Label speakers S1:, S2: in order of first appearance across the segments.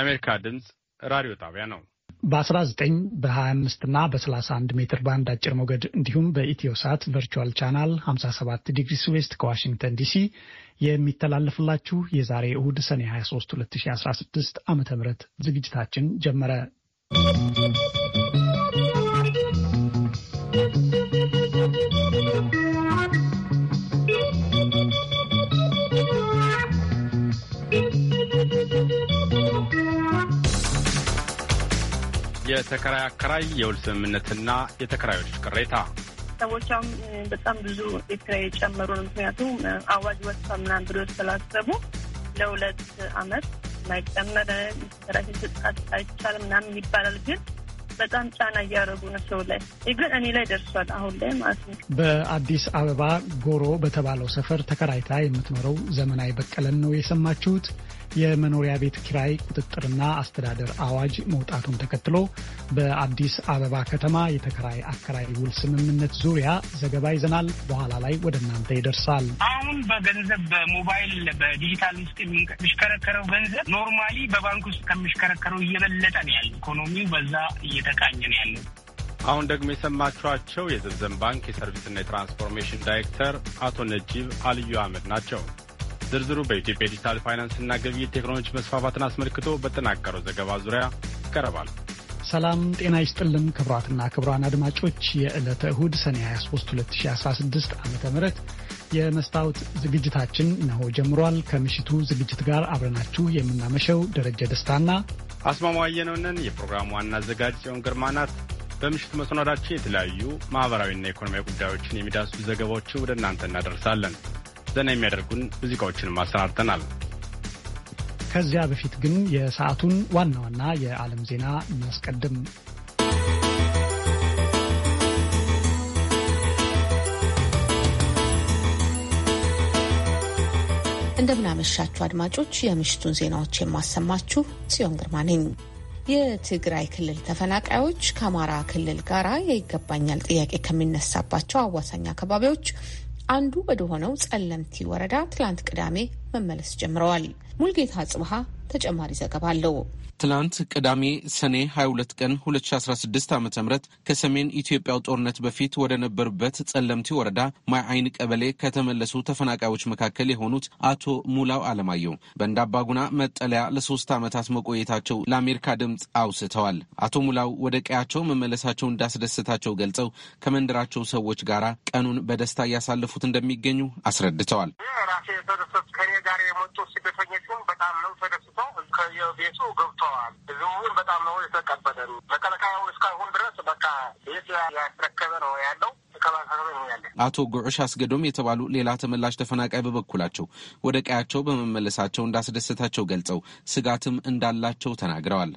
S1: የአሜሪካ ድምፅ ራዲዮ ጣቢያ ነው።
S2: በ19 በ25 እና በ31 ሜትር ባንድ አጭር ሞገድ እንዲሁም በኢትዮ ሳት ቨርቹዋል ቻናል 57 ዲግሪ ዌስት ከዋሽንግተን ዲሲ የሚተላለፍላችሁ የዛሬ እሁድ ሰኔ 23 2016 ዓ ም ዝግጅታችን ጀመረ።
S1: የተከራይ አከራይ የውል ስምምነትና የተከራዮች ቅሬታ
S3: ሰዎች አሁን በጣም ብዙ ቤት ኪራይ የጨመሩ ነው። ምክንያቱም አዋጅ ወጥቷ ምናምን ብሎ ስላሰቡ ለሁለት አመት ማይጨመረ ራሴን ስጣት አይቻልም ምናምን ይባላል ግን በጣም ጫና እያደረጉ ነው ሰው ላይ ግን እኔ ላይ ደርሷል አሁን ላይ ማለት ነው።
S2: በአዲስ አበባ ጎሮ በተባለው ሰፈር ተከራይታ የምትኖረው ዘመናዊ በቀለን ነው የሰማችሁት። የመኖሪያ ቤት ኪራይ ቁጥጥርና አስተዳደር አዋጅ መውጣቱን ተከትሎ በአዲስ አበባ ከተማ የተከራይ አከራይ ውል ስምምነት ዙሪያ ዘገባ ይዘናል። በኋላ ላይ ወደ እናንተ ይደርሳል።
S4: አሁን በገንዘብ በሞባይል በዲጂታል ውስጥ የሚሽከረከረው ገንዘብ ኖርማሊ በባንክ ውስጥ ከሚሽከረከረው እየበለጠ ነው ያለ ኢኮኖሚው በዛ እየተቃኘ ነው ያለው።
S1: አሁን ደግሞ የሰማችኋቸው የዘምዘም ባንክ የሰርቪስና የትራንስፎርሜሽን ዳይሬክተር አቶ ነጂብ አልዩ አህመድ ናቸው። ዝርዝሩ በኢትዮጵያ ዲጂታል ፋይናንስና ግብይት ቴክኖሎጂ መስፋፋትን አስመልክቶ በተናገረው ዘገባ ዙሪያ ይቀርባል።
S2: ሰላም ጤና ይስጥልም ክቡራትና ክቡራን አድማጮች የዕለተ እሁድ ሰኔ 23 2016 ዓ ም የመስታወት ዝግጅታችን እነሆ ጀምሯል። ከምሽቱ ዝግጅት ጋር አብረናችሁ የምናመሸው ደረጀ ደስታና
S1: አስማማየ ነውነን። የፕሮግራሙ ዋና አዘጋጅ ጽዮን ግርማ ናት። በምሽቱ መሰናዳችን የተለያዩ ማኅበራዊና ኢኮኖሚያዊ ጉዳዮችን የሚዳሱ ዘገባዎችን ወደ እናንተ እናደርሳለን። ዘና የሚያደርጉን ሙዚቃዎችንም አሰናድተናል።
S2: ከዚያ በፊት ግን የሰዓቱን ዋና ዋና የዓለም ዜና እናስቀድም።
S5: እንደምናመሻችሁ አድማጮች፣ የምሽቱን ዜናዎች የማሰማችሁ ጽዮን ግርማ ነኝ። የትግራይ ክልል ተፈናቃዮች ከአማራ ክልል ጋራ የይገባኛል ጥያቄ ከሚነሳባቸው አዋሳኝ አካባቢዎች አንዱ ወደ ሆነው ጸለምቲ ወረዳ ትላንት ቅዳሜ መመለስ ጀምረዋል። ሙልጌታ ጽብሃ ተጨማሪ ዘገባ አለው።
S6: ትላንት ቅዳሜ ሰኔ 22 ቀን 2016 ዓ ም ከሰሜን ኢትዮጵያው ጦርነት በፊት ወደ ነበሩበት ጸለምቲ ወረዳ ማይ አይን ቀበሌ ከተመለሱ ተፈናቃዮች መካከል የሆኑት አቶ ሙላው አለማየሁ በእንዳባጉና መጠለያ ለሶስት ዓመታት መቆየታቸው ለአሜሪካ ድምፅ አውስተዋል። አቶ ሙላው ወደ ቀያቸው መመለሳቸው እንዳስደሰታቸው ገልጸው ከመንደራቸው ሰዎች ጋር ቀኑን በደስታ እያሳለፉት እንደሚገኙ አስረድተዋል። ራሴ የተደሰቱ ከኔ ጋር የመጡ ስደተኞቹም በጣም ነው ተደስቶ ነው። ከየቤቱ ገብተዋል። ህዝቡን በጣም ነው የተቀበለን። መከላከያው እስካሁን ድረስ በቃ ቤት ያስረከበ ነው ያለው። አቶ ጉዑሽ አስገዶም የተባሉ ሌላ ተመላሽ ተፈናቃይ በበኩላቸው ወደ ቀያቸው በመመለሳቸው እንዳስደሰታቸው ገልጸው ስጋትም እንዳላቸው ተናግረዋል።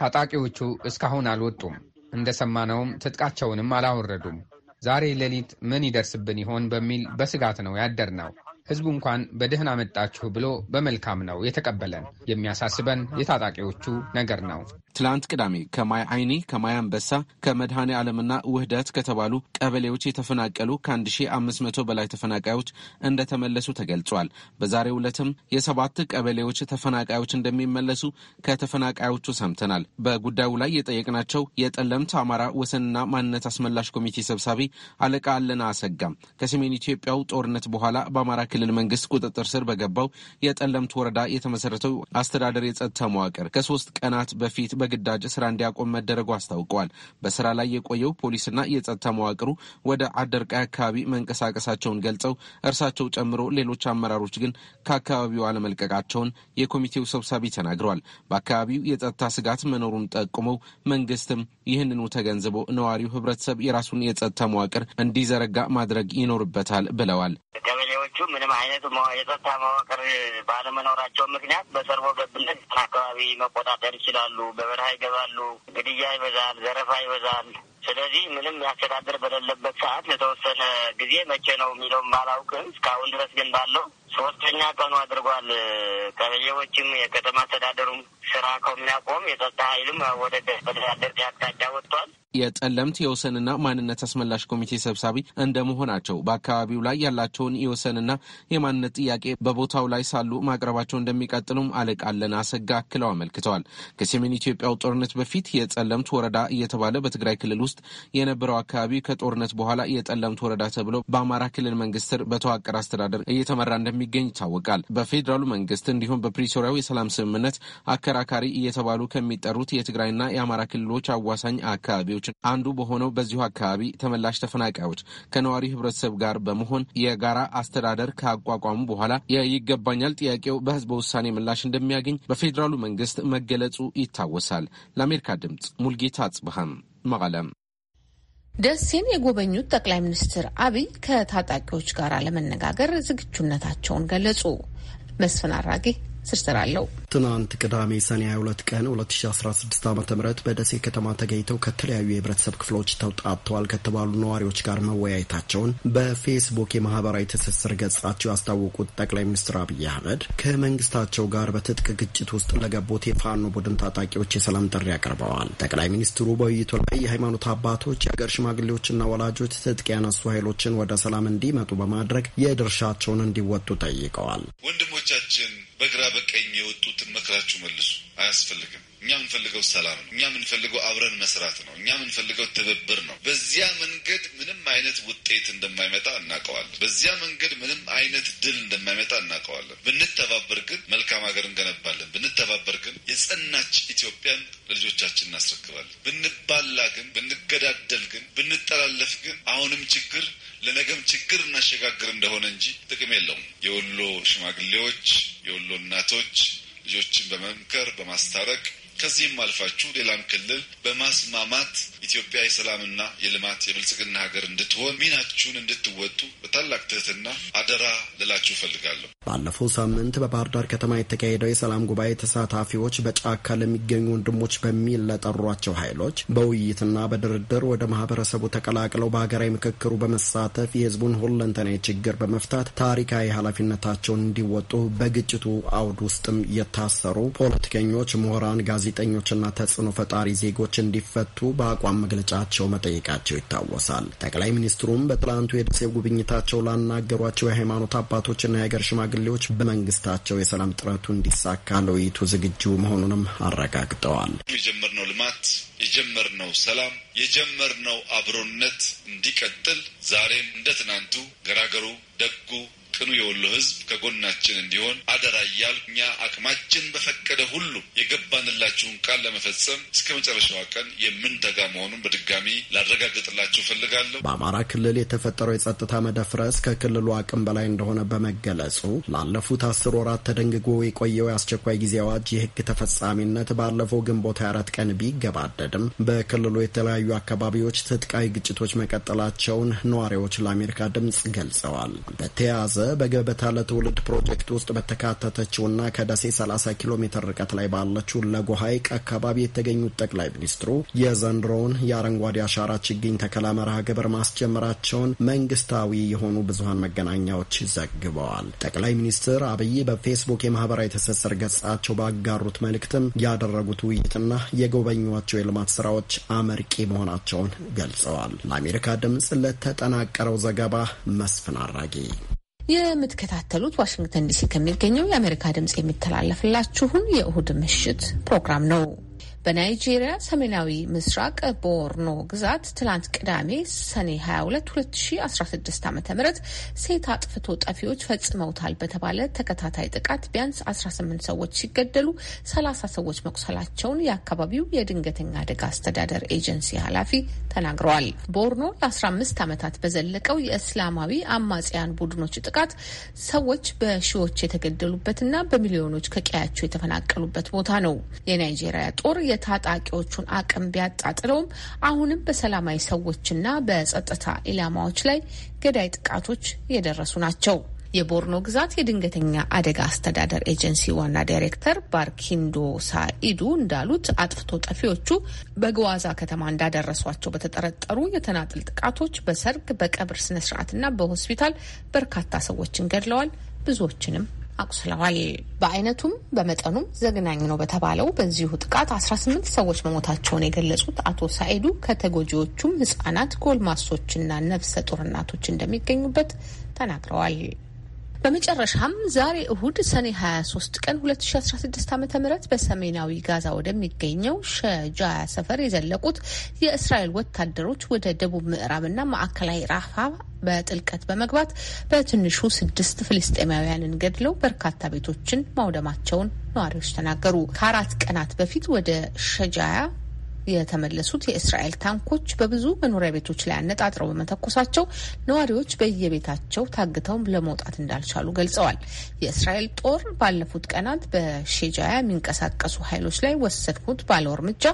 S6: ታጣቂዎቹ እስካሁን አልወጡም። እንደሰማነውም ትጥቃቸውንም አላወረዱም። ዛሬ ሌሊት ምን ይደርስብን ይሆን በሚል በስጋት ነው ያደርነው። ህዝቡ እንኳን በደህና መጣችሁ ብሎ በመልካም ነው የተቀበለን። የሚያሳስበን የታጣቂዎቹ ነገር ነው። ትላንት ቅዳሜ ከማይ አይኒ፣ ከማይ አንበሳ፣ ከመድኃኔ ዓለምና ውህደት ከተባሉ ቀበሌዎች የተፈናቀሉ ከ1500 በላይ ተፈናቃዮች እንደተመለሱ ተገልጿል። በዛሬው ዕለትም የሰባት ቀበሌዎች ተፈናቃዮች እንደሚመለሱ ከተፈናቃዮቹ ሰምተናል። በጉዳዩ ላይ የጠየቅናቸው የጠለምት አማራ ወሰንና ማንነት አስመላሽ ኮሚቴ ሰብሳቢ አለቃ አለና አሰጋም ከሰሜን ኢትዮጵያው ጦርነት በኋላ በአማራ ክልል መንግስት ቁጥጥር ስር በገባው የጠለምት ወረዳ የተመሰረተው አስተዳደር የጸጥታ መዋቅር ከሶስት ቀናት በፊት በግዳጅ ስራ እንዲያቆም መደረጉ አስታውቀዋል። በስራ ላይ የቆየው ፖሊስና የጸጥታ መዋቅሩ ወደ አደርቃይ አካባቢ መንቀሳቀሳቸውን ገልጸው እርሳቸው ጨምሮ ሌሎች አመራሮች ግን ከአካባቢው አለመልቀቃቸውን የኮሚቴው ሰብሳቢ ተናግረዋል። በአካባቢው የጸጥታ ስጋት መኖሩን ጠቁመው መንግስትም ይህንኑ ተገንዝቦ ነዋሪው ህብረተሰብ የራሱን የጸጥታ መዋቅር እንዲዘረጋ ማድረግ ይኖርበታል ብለዋል። አካባቢዎቹ
S3: ምንም አይነት የጸጥታ መዋቅር ባለመኖራቸው ምክንያት በሰርቦ
S7: ገብነት አካባቢ መቆጣጠር ይችላሉ። በበረሃ ይገባሉ። ግድያ ይበዛል፣ ዘረፋ ይበዛል። ስለዚህ ምንም ያስተዳደር በሌለበት ሰዓት የተወሰነ ጊዜ መቼ ነው የሚለውም ባላውቅም እስካሁን ድረስ ግን ባለው ሶስተኛ ቀኑ አድርጓል። ቀበሌዎችም የከተማ አስተዳደሩም ስራ ከሚያቆም የጸጥታ ኃይልም ወደ ደደር
S6: አቅጣጫ ወጥቷል። የጠለምት የወሰንና ማንነት አስመላሽ ኮሚቴ ሰብሳቢ እንደመሆናቸው በአካባቢው ላይ ያላቸውን የወሰንና የማንነት ጥያቄ በቦታው ላይ ሳሉ ማቅረባቸው እንደሚቀጥሉም አለቃለን አሰጋ አክለው አመልክተዋል። ከሰሜን ኢትዮጵያው ጦርነት በፊት የጠለምት ወረዳ እየተባለ በትግራይ ክልል ውስጥ ውስጥ የነበረው አካባቢ ከጦርነት በኋላ የጠለምት ወረዳ ተብሎ በአማራ ክልል መንግስት ስር በተዋቀረ አስተዳደር እየተመራ እንደሚገኝ ይታወቃል። በፌዴራሉ መንግስት እንዲሁም በፕሪቶሪያው የሰላም ስምምነት አከራካሪ እየተባሉ ከሚጠሩት የትግራይና የአማራ ክልሎች አዋሳኝ አካባቢዎች አንዱ በሆነው በዚሁ አካባቢ ተመላሽ ተፈናቃዮች ከነዋሪ ህብረተሰብ ጋር በመሆን የጋራ አስተዳደር ካቋቋሙ በኋላ የይገባኛል ጥያቄው በህዝበ ውሳኔ ምላሽ እንደሚያገኝ በፌዴራሉ መንግስት መገለጹ ይታወሳል። ለአሜሪካ ድምጽ ሙልጌታ አጽብሃም መቀለም
S5: ደሴን የጎበኙት ጠቅላይ ሚኒስትር አብይ ከታጣቂዎች ጋር ለመነጋገር ዝግጁነታቸውን ገለጹ። መስፍን አራጌ ስርስራለው አለው።
S8: ትናንት ቅዳሜ ሰኔ 22 ቀን 2016 ዓ ም በደሴ ከተማ ተገኝተው ከተለያዩ የህብረተሰብ ክፍሎች ተውጣጥተዋል ከተባሉ ነዋሪዎች ጋር መወያየታቸውን በፌስቡክ የማህበራዊ ትስስር ገጻቸው ያስታወቁት ጠቅላይ ሚኒስትር አብይ አህመድ ከመንግስታቸው ጋር በትጥቅ ግጭት ውስጥ ለገቡት የፋኖ ቡድን ታጣቂዎች የሰላም ጥሪ አቅርበዋል። ጠቅላይ ሚኒስትሩ በውይይቱ ላይ የሃይማኖት አባቶች፣ የአገር ሽማግሌዎችና ወላጆች ትጥቅ ያነሱ ኃይሎችን ወደ ሰላም እንዲመጡ በማድረግ የድርሻቸውን እንዲወጡ ጠይቀዋል።
S9: ወንድሞቻችን በግራ በቀኝ የወጡትን መክራችሁ መልሱ። አያስፈልግም። እኛ የምንፈልገው ሰላም ነው። እኛ የምንፈልገው አብረን መስራት ነው። እኛ የምንፈልገው ትብብር ነው። በዚያ መንገድ ምንም አይነት ውጤት እንደማይመጣ እናውቀዋለን። በዚያ መንገድ ምንም አይነት ድል እንደማይመጣ እናውቀዋለን። ብንተባበር ግን መልካም ሀገር እንገነባለን። ብንተባበር ግን የጸናች ኢትዮጵያን ለልጆቻችን እናስረክባለን። ብንባላ ግን፣ ብንገዳደል ግን፣ ብንጠላለፍ ግን አሁንም ችግር ለነገም ችግር እናሸጋግር እንደሆነ እንጂ ጥቅም የለውም። የወሎ ሽማግሌዎች፣ የወሎ እናቶች ልጆችን በመምከር በማስታረቅ ከዚህም አልፋችሁ ሌላም ክልል በማስማማት ኢትዮጵያ የሰላምና የልማት የብልጽግና ሀገር እንድትሆን ሚናችሁን እንድትወጡ በታላቅ ትህትና አደራ ልላችሁ እፈልጋለሁ።
S8: ባለፈው ሳምንት በባህር ዳር ከተማ የተካሄደው የሰላም ጉባኤ ተሳታፊዎች በጫካ ለሚገኙ ወንድሞች በሚል ለጠሯቸው ኃይሎች በውይይትና በድርድር ወደ ማህበረሰቡ ተቀላቅለው በሀገራዊ ምክክሩ በመሳተፍ የህዝቡን ሁለንተናዊ ችግር በመፍታት ታሪካዊ ኃላፊነታቸውን እንዲወጡ በግጭቱ አውድ ውስጥም የታሰሩ ፖለቲከኞች፣ ምሁራን፣ ጋዜጠኞችና ተጽዕኖ ፈጣሪ ዜጎች እንዲፈቱ በአቋም በአቋም መግለጫቸው መጠየቃቸው ይታወሳል። ጠቅላይ ሚኒስትሩም በትላንቱ የደሴ ጉብኝታቸው ላናገሯቸው የሃይማኖት አባቶችና የሀገር ሽማግሌዎች በመንግስታቸው የሰላም ጥረቱ እንዲሳካ ለውይይቱ ዝግጁ መሆኑንም አረጋግጠዋል።
S9: የጀመርነው ልማት፣ የጀመርነው ሰላም፣ የጀመርነው አብሮነት እንዲቀጥል ዛሬም እንደ ትናንቱ ገራገሩ፣ ደጉ ቅኑ የወሎ ህዝብ ከጎናችን እንዲሆን አደራ እያል እኛ አቅማችን በፈቀደ ሁሉ የገባንላችሁን ቃል ለመፈጸም እስከ መጨረሻዋ ቀን የምንተጋ መሆኑን በድጋሚ ላረጋግጥላችሁ ፈልጋለሁ። በአማራ
S8: ክልል የተፈጠረው የጸጥታ መደፍረስ ከክልሉ አቅም በላይ እንደሆነ በመገለጹ ላለፉት አስር ወራት ተደንግጎ የቆየው የአስቸኳይ ጊዜ አዋጅ የህግ ተፈጻሚነት ባለፈው ግንቦት አራት ቀን ቢገባደድም በክልሉ የተለያዩ አካባቢዎች ትጥቃዊ ግጭቶች መቀጠላቸውን ነዋሪዎች ለአሜሪካ ድምጽ ገልጸዋል። በተያያዘ በገበታ ለትውልድ ፕሮጀክት ውስጥ በተካተተችውና ከደሴ 30 ኪሎ ሜትር ርቀት ላይ ባለችው ለጎ ሐይቅ አካባቢ የተገኙት ጠቅላይ ሚኒስትሩ የዘንድሮውን የአረንጓዴ አሻራ ችግኝ ተከላ መርሃ ግብር ማስጀመራቸውን መንግስታዊ የሆኑ ብዙሀን መገናኛዎች ዘግበዋል። ጠቅላይ ሚኒስትር አብይ በፌስቡክ የማህበራዊ ትስስር ገጻቸው ባጋሩት መልእክትም ያደረጉት ውይይትና የጎበኟቸው የልማት ስራዎች አመርቂ መሆናቸውን ገልጸዋል። ለአሜሪካ ድምጽ ለተጠናቀረው ዘገባ መስፍን አራጌ
S5: የምትከታተሉት ዋሽንግተን ዲሲ ከሚገኘው የአሜሪካ ድምፅ የሚተላለፍላችሁን የእሁድ ምሽት ፕሮግራም ነው። በናይጄሪያ ሰሜናዊ ምስራቅ ቦርኖ ግዛት ትላንት ቅዳሜ ሰኔ 22 2016 ዓ ም ሴት አጥፍቶ ጠፊዎች ፈጽመውታል በተባለ ተከታታይ ጥቃት ቢያንስ 18 ሰዎች ሲገደሉ 30 ሰዎች መቁሰላቸውን የአካባቢው የድንገተኛ አደጋ አስተዳደር ኤጀንሲ ኃላፊ ተናግረዋል። ቦርኖ ለ15 ዓመታት በዘለቀው የእስላማዊ አማጽያን ቡድኖች ጥቃት ሰዎች በሺዎች የተገደሉበትና በሚሊዮኖች ከቀያቸው የተፈናቀሉበት ቦታ ነው። የናይጄሪያ ጦር የታጣቂዎቹን አቅም ቢያጣጥለውም አሁንም በሰላማዊ ሰዎችና በጸጥታ ኢላማዎች ላይ ገዳይ ጥቃቶች እየደረሱ ናቸው። የቦርኖ ግዛት የድንገተኛ አደጋ አስተዳደር ኤጀንሲ ዋና ዳይሬክተር ባርኪንዶ ሳኢዱ እንዳሉት አጥፍቶ ጠፊዎቹ በግዋዛ ከተማ እንዳደረሷቸው በተጠረጠሩ የተናጥል ጥቃቶች በሰርግ፣ በቀብር ስነስርዓትና በሆስፒታል በርካታ ሰዎችን ገድለዋል፣ ብዙዎችንም አቁስለዋል። በአይነቱም በመጠኑም ዘግናኝ ነው በተባለው በዚሁ ጥቃት 18 ሰዎች መሞታቸውን የገለጹት አቶ ሳኢዱ ከተጎጂዎቹም ህጻናት፣ ጎልማሶችና ነፍሰ ጡር እናቶች እንደሚገኙበት ተናግረዋል። በመጨረሻም ዛሬ እሁድ ሰኔ 23 ቀን 2016 ዓ ም በሰሜናዊ ጋዛ ወደሚገኘው ሸጃያ ሰፈር የዘለቁት የእስራኤል ወታደሮች ወደ ደቡብ ምዕራብና ማዕከላዊ ራፋ በጥልቀት በመግባት በትንሹ ስድስት ፍልስጤማውያንን ገድለው በርካታ ቤቶችን ማውደማቸውን ነዋሪዎች ተናገሩ። ከአራት ቀናት በፊት ወደ ሸጃያ የተመለሱት የእስራኤል ታንኮች በብዙ መኖሪያ ቤቶች ላይ አነጣጥረው በመተኮሳቸው ነዋሪዎች በየቤታቸው ታግተው ለመውጣት እንዳልቻሉ ገልጸዋል። የእስራኤል ጦር ባለፉት ቀናት በሼጃያ የሚንቀሳቀሱ ኃይሎች ላይ ወሰድኩት ባለው እርምጃ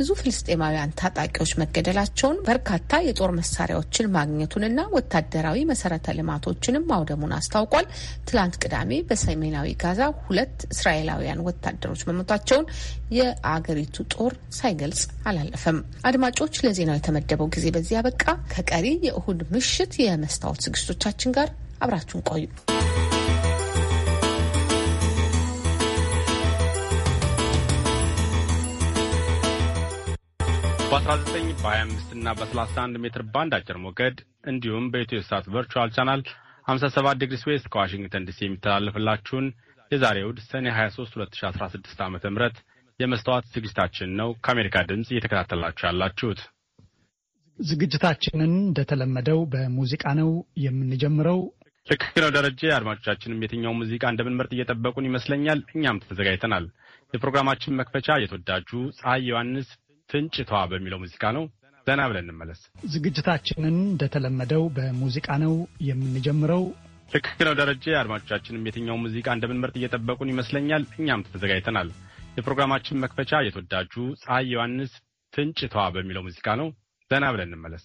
S5: ብዙ ፍልስጤማውያን ታጣቂዎች መገደላቸውን፣ በርካታ የጦር መሳሪያዎችን ማግኘቱንና ወታደራዊ መሰረተ ልማቶችንም ማውደሙን አስታውቋል። ትላንት ቅዳሜ በሰሜናዊ ጋዛ ሁለት እስራኤላውያን ወታደሮች መሞታቸውን የአገሪቱ ጦር ሳይገልጽ አላለፈም። አድማጮች፣ ለዜናው የተመደበው ጊዜ በዚህ በቃ ከቀሪ የእሁድ ምሽት የመስታወት ዝግጅቶቻችን ጋር አብራችሁን ቆዩ።
S1: በ19 በ25 እና በ31 ሜትር ባንድ አጭር ሞገድ እንዲሁም በኢትዮ ሳት ቨርቹዋል ቻናል 57 ዲግሪ ስዌስት ከዋሽንግተን ዲሲ የሚተላለፍላችሁን የዛሬ እሁድ ሰኔ 23 2016 ዓ ም የመስተዋት ዝግጅታችን ነው። ከአሜሪካ ድምፅ እየተከታተላችሁ ያላችሁት
S2: ዝግጅታችንን እንደተለመደው በሙዚቃ ነው የምንጀምረው።
S1: ልክ ነው ደረጀ። አድማጮቻችንም የትኛው ሙዚቃ እንደምንመርጥ እየጠበቁን ይመስለኛል። እኛም ተዘጋጅተናል። የፕሮግራማችን መክፈቻ የተወዳጁ ፀሐይ ዮሐንስ ፍንጭቷ በሚለው ሙዚቃ ነው። ዘና ብለን እንመለስ።
S2: ዝግጅታችንን እንደተለመደው በሙዚቃ ነው የምንጀምረው።
S1: ልክ ነው ደረጀ። አድማጮቻችንም የትኛው ሙዚቃ እንደምንመርጥ እየጠበቁን ይመስለኛል። እኛም ተዘጋጅተናል። የፕሮግራማችን መክፈቻ የተወዳጁ ፀሐይ ዮሐንስ ትንጭቷ በሚለው ሙዚቃ ነው። ዘና ብለን እንመለስ።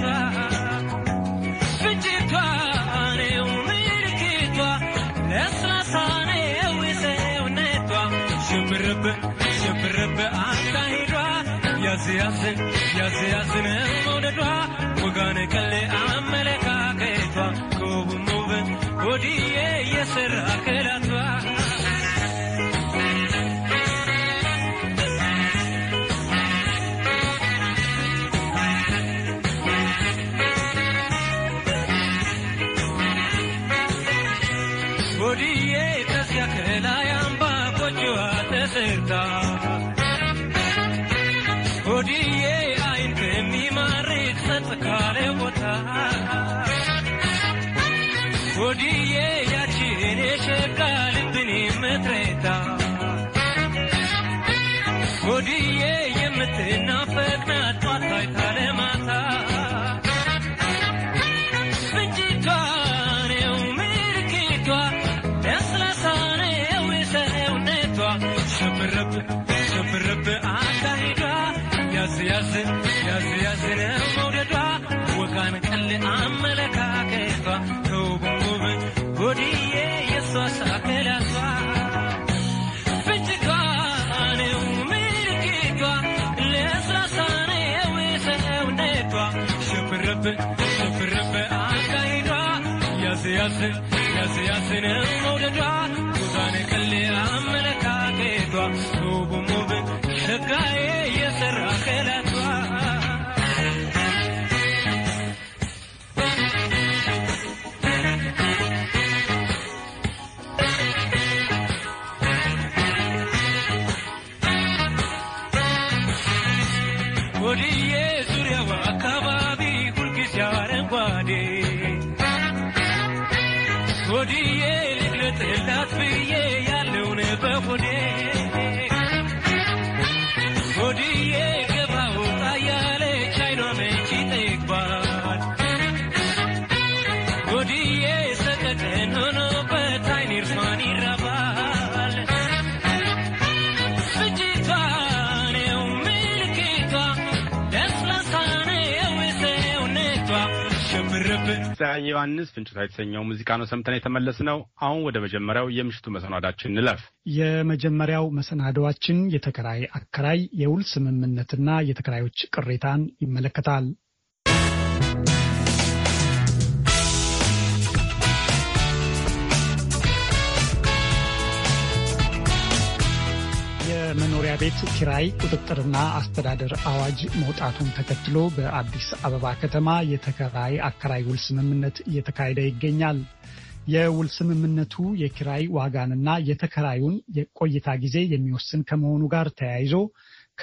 S10: ሸብረበ ሸብረበ አንታ ሄዷ ያዝ ያዝ ያዝ ያዝነ መውደዷ ወጋነ ቀሌ አመለካከቷ ውብ ውብ ወዲዬ የሰራ ከላቷ የሸጋ ልብን የምትረታ ሆድዬ የምትናፍ hace, se ferrepe a caída, y así hace, y así hace en el mundo de atrás. Tú sabes que le
S1: የዮሐንስ ፍንጭታ የተሰኘው ሙዚቃ ነው ሰምተን የተመለስ ነው። አሁን ወደ መጀመሪያው የምሽቱ መሰናዳችን እንለፍ።
S2: የመጀመሪያው መሰናዷችን የተከራይ አከራይ የውል ስምምነትና የተከራዮች ቅሬታን ይመለከታል። የመኖሪያ ቤት ኪራይ ቁጥጥርና አስተዳደር አዋጅ መውጣቱን ተከትሎ በአዲስ አበባ ከተማ የተከራይ አከራይ ውል ስምምነት እየተካሄደ ይገኛል። የውል ስምምነቱ የኪራይ ዋጋንና የተከራዩን የቆይታ ጊዜ የሚወስን ከመሆኑ ጋር ተያይዞ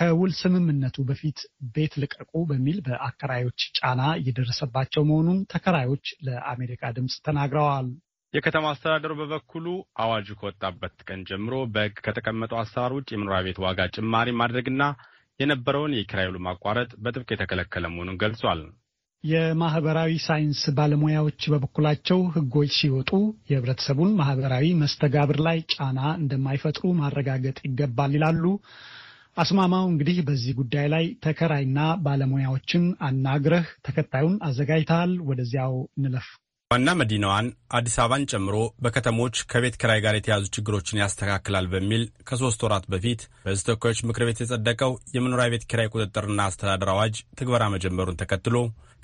S2: ከውል ስምምነቱ በፊት ቤት ልቀቁ በሚል በአከራዮች ጫና እየደረሰባቸው መሆኑን ተከራዮች ለአሜሪካ ድምፅ ተናግረዋል። የከተማ
S1: አስተዳደሩ በበኩሉ አዋጁ ከወጣበት ቀን ጀምሮ በሕግ ከተቀመጠው አሰራር ውጭ የመኖሪያ ቤት ዋጋ ጭማሪ ማድረግና የነበረውን የኪራይ ውል ማቋረጥ በጥብቅ የተከለከለ መሆኑን ገልጿል።
S2: የማህበራዊ ሳይንስ ባለሙያዎች በበኩላቸው ህጎች ሲወጡ የህብረተሰቡን ማህበራዊ መስተጋብር ላይ ጫና እንደማይፈጥሩ ማረጋገጥ ይገባል ይላሉ። አስማማው እንግዲህ በዚህ ጉዳይ ላይ ተከራይና ባለሙያዎችን አናግረህ ተከታዩን አዘጋጅተሃል። ወደዚያው እንለፍ።
S1: ዋና መዲናዋን አዲስ አበባን ጨምሮ በከተሞች ከቤት ክራይ ጋር የተያዙ ችግሮችን ያስተካክላል በሚል ከሶስት ወራት በፊት በሕዝብ ተወካዮች ምክር ቤት የጸደቀው የመኖሪያ ቤት ኪራይ ቁጥጥርና አስተዳደር አዋጅ ትግበራ መጀመሩን ተከትሎ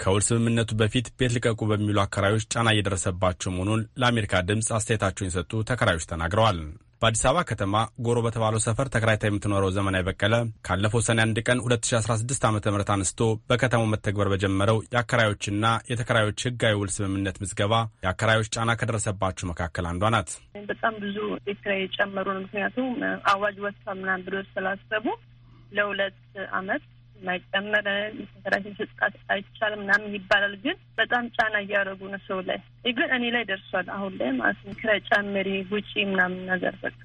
S1: ከውል ስምምነቱ በፊት ቤት ልቀቁ በሚሉ አከራዮች ጫና እየደረሰባቸው መሆኑን ለአሜሪካ ድምፅ አስተያየታቸውን የሰጡ ተከራዮች ተናግረዋል። በአዲስ አበባ ከተማ ጎሮ በተባለው ሰፈር ተከራይታ የምትኖረው ዘመናዊ በቀለ ካለፈው ሰኔ አንድ ቀን 2016 ዓ ም አንስቶ በከተማው መተግበር በጀመረው የአከራዮችና የተከራዮች ህጋዊ ውል ስምምነት ምዝገባ የአከራዮች ጫና ከደረሰባቸው መካከል አንዷ ናት።
S3: በጣም ብዙ ቤት ኪራይ የጨመሩ ነው። ምክንያቱም አዋጅ ወጥቷ ምናምን ብሎ ስላሰቡ ለሁለት አመት የማይጨመረ መሰራት ስጣት አይቻልም ምናምን ይባላል። ግን በጣም ጫና እያደረጉ ነው ሰው ላይ ግን እኔ ላይ ደርሷል። አሁን ላይ ማለት ነው ክረ ጨምሪ ውጪ ምናምን ነገር በቃ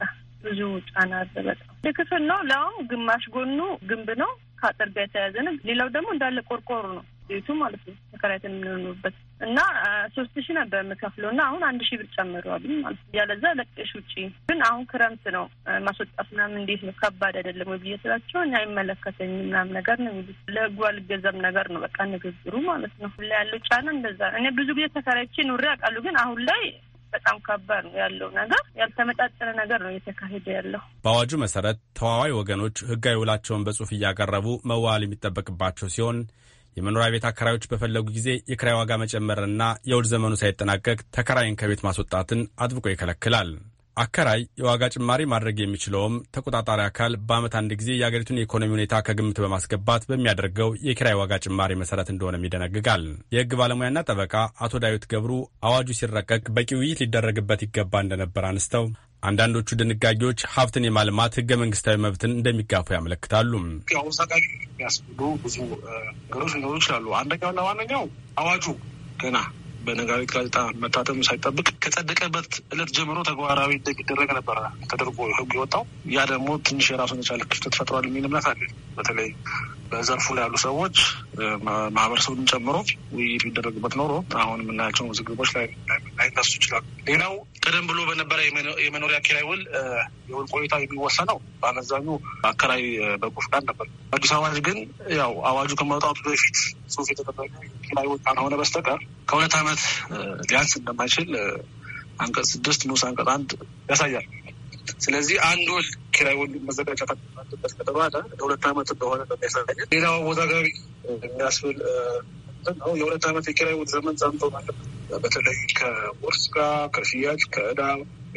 S3: ብዙ ጫና አለ። በጣም ክፍል ነው ለአሁን ግማሽ ጎኑ ግንብ ነው ከአጥር ጋር የተያዘ ነው። ሌላው ደግሞ እንዳለ ቆርቆሮ ነው ቤቱ ማለት ነው ተከራይተን የምንኖርበት እና ሶስት ሺ ነበር የምከፍለው እና አሁን አንድ ሺ ብር ጨምረዋል ማለት ያለዛ ለቀሽ ውጪ። ግን አሁን ክረምት ነው ማስወጣት ምናምን እንዴት ነው ከባድ አይደለም ወይ ብዬ ስላቸው እኔ አይመለከተኝም ምናምን ነገር ነው የሚሉት። ለህጉ አልገዛም ነገር ነው በቃ ንግግሩ ማለት ነው። ሁላ ያለው ጫና እንደዛ። እኔ ብዙ ጊዜ ተከራይቼ ኑሬ ያውቃሉ ግን አሁን ላይ በጣም ከባድ ነው ያለው ነገር። ያልተመጣጠነ ነገር ነው እየተካሄደ ያለው።
S1: በአዋጁ መሰረት ተዋዋይ ወገኖች ህጋዊ ውላቸውን በጽሁፍ እያቀረቡ መዋል የሚጠበቅባቸው ሲሆን የመኖሪያ ቤት አከራዮች በፈለጉ ጊዜ የክራይ ዋጋ መጨመርና የውድ ዘመኑ ሳይጠናቀቅ ተከራይን ከቤት ማስወጣትን አጥብቆ ይከለክላል። አከራይ የዋጋ ጭማሪ ማድረግ የሚችለውም ተቆጣጣሪ አካል በዓመት አንድ ጊዜ የአገሪቱን የኢኮኖሚ ሁኔታ ከግምት በማስገባት በሚያደርገው የኪራይ ዋጋ ጭማሪ መሰረት እንደሆነም ይደነግጋል። የሕግ ባለሙያና ጠበቃ አቶ ዳዊት ገብሩ አዋጁ ሲረቀቅ በቂ ውይይት ሊደረግበት ይገባ እንደነበር አንስተው አንዳንዶቹ ድንጋጌዎች ሀብትን የማልማት ህገ መንግስታዊ መብትን እንደሚጋፉ ያመለክታሉ።
S11: አሁን የሚያስብሉ ብዙ ነገሮች ሊኖሩ ይችላሉ። አንደኛውና ዋነኛው አዋጁ ገና በነጋሪት ጋዜጣ መታተም ሳይጠብቅ ከጸደቀበት እለት ጀምሮ ተግባራዊ እንደሚደረግ ነበረ ተደርጎ ህጉ የወጣው። ያ ደግሞ ትንሽ የራሱን የቻለ ክፍተት ፈጥሯል የሚል እምነት አለ። በተለይ በዘርፉ ላይ ያሉ ሰዎች ማህበረሰቡን ጨምሮ ውይይት ቢደረግበት ኖሮ አሁን የምናያቸው ውዝግቦች ላይ ላይነሱ ይችላሉ። ሌላው ቀደም ብሎ በነበረ የመኖሪያ ኪራይ ውል የውል ቆይታ የሚወሰነው በአመዛኙ አከራይ በጎ ፈቃድ ነበር። አዲስ አዋጅ ግን ያው አዋጁ ከመውጣቱ በፊት ጽሁፍ የተጠበቀ ኪራይ ውል ካልሆነ በስተቀር ከሁለት ዓመት ሊያንስ እንደማይችል አንቀጽ ስድስት ንዑስ አንቀጽ አንድ ያሳያል። ስለዚህ አንድ ወል ኪራይ ውል መዘጋጀት አለበት ከተባለ ለሁለት ዓመት እንደሆነ በሚያሳያል። ሌላው አወዛጋቢ የሚያስብል ነው የሁለት ዓመት የኪራይ ውል ዘመን ጸንቶ ነው። በተለይ ከውርስ ጋር ከሽያጭ ከእዳ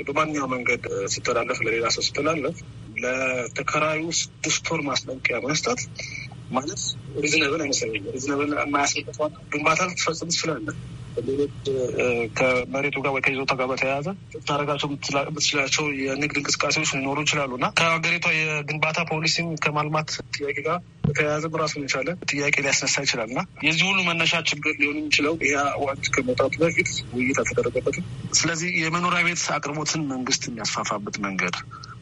S11: በማንኛው መንገድ ስተላለፍ ለሌላ ሰው ስተላለፍ ለተከራዩ ስድስት ወር ማስጠንቀቂያ መስጠት ማለት ሪዝነብን አይመስለኝም። ሪዝነብን የማያስልበት ግንባታ ልትፈጽም ትችላለን ከመሬቱ ጋር ወይ ከይዞታ ጋር በተያያዘ ታደረጋቸው የምትችላቸው የንግድ እንቅስቃሴዎች ሊኖሩ ይችላሉ እና ከሀገሪቷ የግንባታ ፖሊሲም ከማልማት ጥያቄ ጋር በተያያዘ ራሱን የቻለ ጥያቄ ሊያስነሳ ይችላል እና የዚህ ሁሉ መነሻ ችግር ሊሆን የሚችለው ይህ አዋጅ ከመውጣቱ በፊት ውይይት አልተደረገበትም። ስለዚህ የመኖሪያ ቤት አቅርቦትን መንግስት የሚያስፋፋበት መንገድ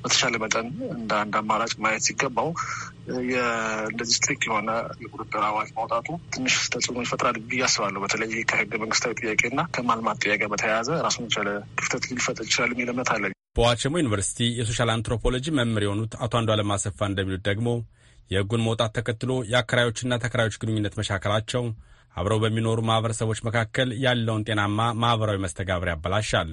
S11: በተሻለ መጠን እንደ አንድ አማራጭ ማየት ሲገባው እንደዚህ ስትሪክት የሆነ የቁጥጥር አዋጅ ማውጣቱ ትንሽ ተጽዕኖ ይፈጥራል ብዬ አስባለሁ። በተለይ ከህገ መንግስታዊ ጥያቄና ከማልማት ጥያቄ በተያያዘ ራሱን የቻለ ክፍተት ሊፈጥር ይችላል የሚል እምነት አለ።
S1: በዋቸሞ ዩኒቨርሲቲ የሶሻል አንትሮፖሎጂ መምህር የሆኑት አቶ አንዷለም አሰፋ እንደሚሉት ደግሞ የህጉን መውጣት ተከትሎ የአከራዮችና ተከራዮች ግንኙነት መሻከላቸው አብረው በሚኖሩ ማህበረሰቦች መካከል ያለውን ጤናማ ማህበራዊ መስተጋብር ያበላሻል።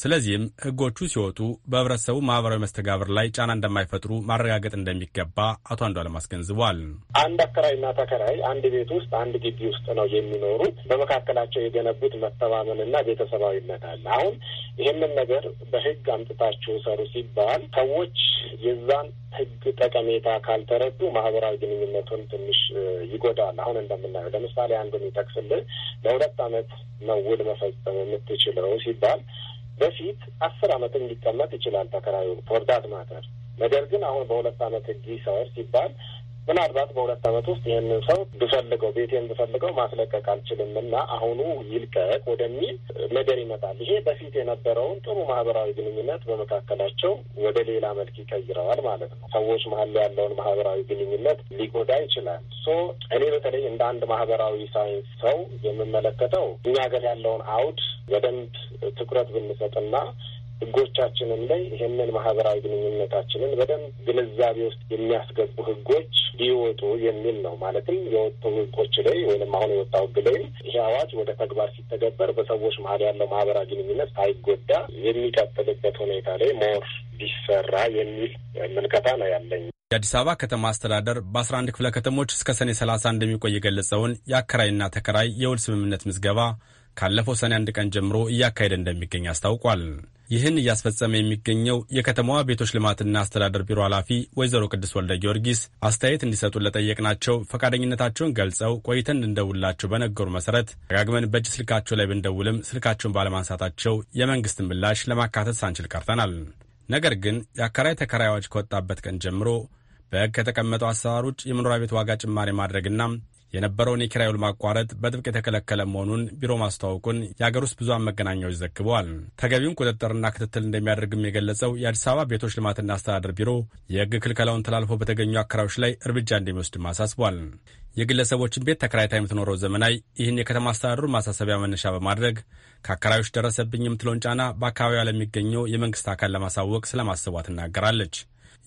S1: ስለዚህም ህጎቹ ሲወጡ በህብረተሰቡ ማህበራዊ መስተጋብር ላይ ጫና እንደማይፈጥሩ ማረጋገጥ እንደሚገባ አቶ አንዷለም አስገንዝቧል።
S7: አንድ አከራይና ተከራይ አንድ ቤት ውስጥ አንድ ግቢ ውስጥ ነው የሚኖሩት። በመካከላቸው የገነቡት መተማመንና ቤተሰባዊነት አለ። አሁን ይህንን ነገር በህግ አምጥታችሁ ሰሩ ሲባል ሰዎች የዛን ህግ ጠቀሜታ ካልተረዱ ማህበራዊ ግንኙነቱን ትንሽ ይጎዳል። አሁን እንደምናየው ለምሳሌ አንዱን ይጠቅስልን ለሁለት ዓመት ነው ውል መፈጸም የምትችለው ሲባል በፊት አስር አመትም ሊቀመጥ ይችላል ተከራዩ ፎር ዳት ማተር ነገር ግን አሁን በሁለት አመት ህግ ይሰወር ሲባል ምናልባት በሁለት ዓመት ውስጥ ይህንን ሰው ብፈልገው ቤቴን ብፈልገው ማስለቀቅ አልችልም እና አሁኑ ይልቀቅ ወደሚል ነገር ይመጣል። ይሄ በፊት የነበረውን ጥሩ ማህበራዊ ግንኙነት በመካከላቸው ወደ ሌላ መልክ ይቀይረዋል ማለት ነው። ሰዎች መሀል ያለውን ማህበራዊ ግንኙነት ሊጎዳ ይችላል። ሶ እኔ በተለይ እንደ አንድ ማህበራዊ ሳይንስ ሰው የምመለከተው እኛ ሀገር ያለውን አውድ በደንብ ትኩረት ብንሰጥና ህጎቻችንም ላይ ይህንን ማህበራዊ ግንኙነታችንን በደንብ ግንዛቤ ውስጥ የሚያስገቡ ህጎች ሊወጡ የሚል ነው። ማለትም የወጡ ህጎች ላይ ወይም አሁን የወጣው ህግ ላይም ይህ አዋጅ ወደ ተግባር ሲተገበር በሰዎች መሀል ያለው ማህበራዊ ግንኙነት ሳይጎዳ የሚቀጥልበት ሁኔታ ላይ ሞር ቢሰራ የሚል ምልከታ ነው ያለኝ።
S1: የአዲስ አበባ ከተማ አስተዳደር በ11 ክፍለ ከተሞች እስከ ሰኔ 30 እንደሚቆይ የገለጸውን የአከራይና ተከራይ የውል ስምምነት ምዝገባ ካለፈው ሰኔ አንድ ቀን ጀምሮ እያካሄደ እንደሚገኝ አስታውቋል። ይህን እያስፈጸመ የሚገኘው የከተማዋ ቤቶች ልማትና አስተዳደር ቢሮ ኃላፊ ወይዘሮ ቅዱስ ወልደ ጊዮርጊስ አስተያየት እንዲሰጡ ለጠየቅናቸው ፈቃደኝነታቸውን ገልጸው ቆይተን እንደውላቸው በነገሩ መሰረት ደጋግመን በእጅ ስልካቸው ላይ ብንደውልም ስልካቸውን ባለማንሳታቸው የመንግስትን ምላሽ ለማካተት ሳንችል ቀርተናል። ነገር ግን የአከራይ ተከራዮች ከወጣበት ቀን ጀምሮ በሕግ ከተቀመጠው አሰራር ውጭ የመኖሪያ ቤት ዋጋ ጭማሪ ማድረግና የነበረውን የኪራይ ውል ማቋረጥ በጥብቅ የተከለከለ መሆኑን ቢሮ ማስታወቁን የአገር ውስጥ ብዙሃን መገናኛዎች ዘግበዋል። ተገቢውን ቁጥጥርና ክትትል እንደሚያደርግም የገለጸው የአዲስ አበባ ቤቶች ልማትና አስተዳደር ቢሮ የህግ ክልከላውን ተላልፎ በተገኙ አከራዮች ላይ እርምጃ እንደሚወስድም አሳስቧል። የግለሰቦችን ቤት ተከራይታ የምትኖረው ዘመናዊ ይህን የከተማ አስተዳደሩን ማሳሰቢያ መነሻ በማድረግ ከአከራዮች ደረሰብኝ የምትለውን ጫና በአካባቢዋ ለሚገኘው የመንግስት አካል ለማሳወቅ ስለማሰቧ ትናገራለች።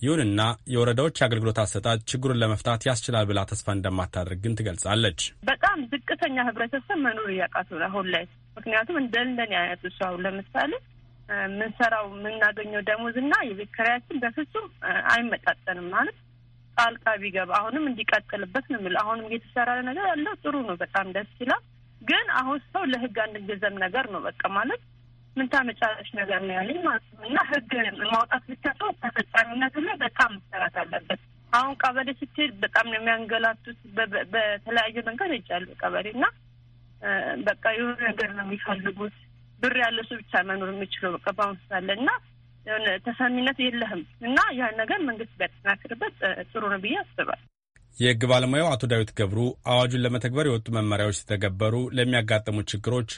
S1: ይሁንና የወረዳዎች አገልግሎት አሰጣጥ ችግሩን ለመፍታት ያስችላል ብላ ተስፋ እንደማታደርግ ግን ትገልጻለች።
S3: በጣም ዝቅተኛ ህብረተሰብ መኖር እያቃተው አሁን ላይ ምክንያቱም እንደንደን አይነቱ እሱ አሁን ለምሳሌ የምንሰራው የምናገኘው ደሞዝ እና የቤት ኪራያችን በፍጹም አይመጣጠንም። ማለት ጣልቃ ቢገባ አሁንም እንዲቀጥልበት ነው የምልህ። አሁንም እየተሰራ ነገር ያለው ጥሩ ነው፣ በጣም ደስ ይላል። ግን አሁን ሰው ለህግ አንገዛም ነገር ነው በቃ ማለት ምን ታመጫለሽ ነገር ነው ያለኝ ማለት ነው። እና ህግ ማውጣት ብቻ ሰው ተፈጻሚነቱ ላይ በጣም መሰራት አለበት። አሁን ቀበሌ ስትሄድ በጣም ነው የሚያንገላቱት። በተለያየ መንገድ ይጫሉ ቀበሌ እና በቃ የሆነ ነገር ነው የሚፈልጉት። ብር ያለ ሰው ብቻ መኖር የሚችለው በቃ በአሁኑ ሳለ እና የሆነ ተሰሚነት የለህም እና ያን ነገር መንግስት ቢያጠናክርበት ጥሩ ነው ብዬ አስባል።
S1: የህግ ባለሙያው አቶ ዳዊት ገብሩ አዋጁን ለመተግበር የወጡ መመሪያዎች ሲተገበሩ ለሚያጋጥሙ ችግሮች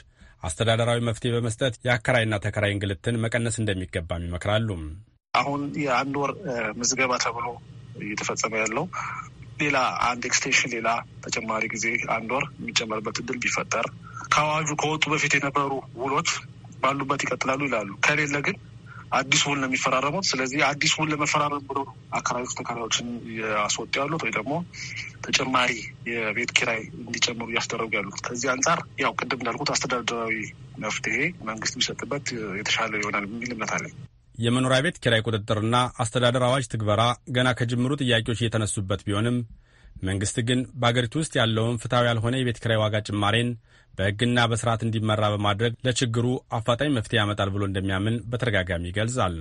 S1: አስተዳደራዊ መፍትሄ በመስጠት የአከራይና ተከራይ እንግልትን መቀነስ እንደሚገባም ይመክራሉ።
S11: አሁን የአንድ ወር ምዝገባ ተብሎ እየተፈጸመ ያለው ሌላ አንድ ኤክስቴንሽን ሌላ ተጨማሪ ጊዜ አንድ ወር የሚጨመርበት እድል ቢፈጠር ከአዋጁ ከወጡ በፊት የነበሩ ውሎች ባሉበት ይቀጥላሉ ይላሉ። ከሌለ ግን አዲስ ውል ነው የሚፈራረሙት። ስለዚህ አዲስ ውል ለመፈራረም ብሎ አከራዮች ተከራዮችን እያስወጡ ያሉት ወይ ደግሞ ተጨማሪ የቤት ኪራይ እንዲጨምሩ እያስደረጉ ያሉት። ከዚህ አንጻር ያው ቅድም እንዳልኩት አስተዳደራዊ መፍትሄ መንግስት ቢሰጥበት የተሻለ
S4: ይሆናል የሚል እምነት አለኝ።
S1: የመኖሪያ ቤት ኪራይ ቁጥጥርና አስተዳደር አዋጅ ትግበራ ገና ከጅምሩ ጥያቄዎች እየተነሱበት ቢሆንም መንግስት ግን በአገሪቱ ውስጥ ያለውን ፍትሐዊ ያልሆነ የቤት ኪራይ ዋጋ ጭማሬን በሕግና በስርዓት እንዲመራ በማድረግ ለችግሩ አፋጣኝ መፍትሄ ያመጣል ብሎ እንደሚያምን በተደጋጋሚ ይገልጻል።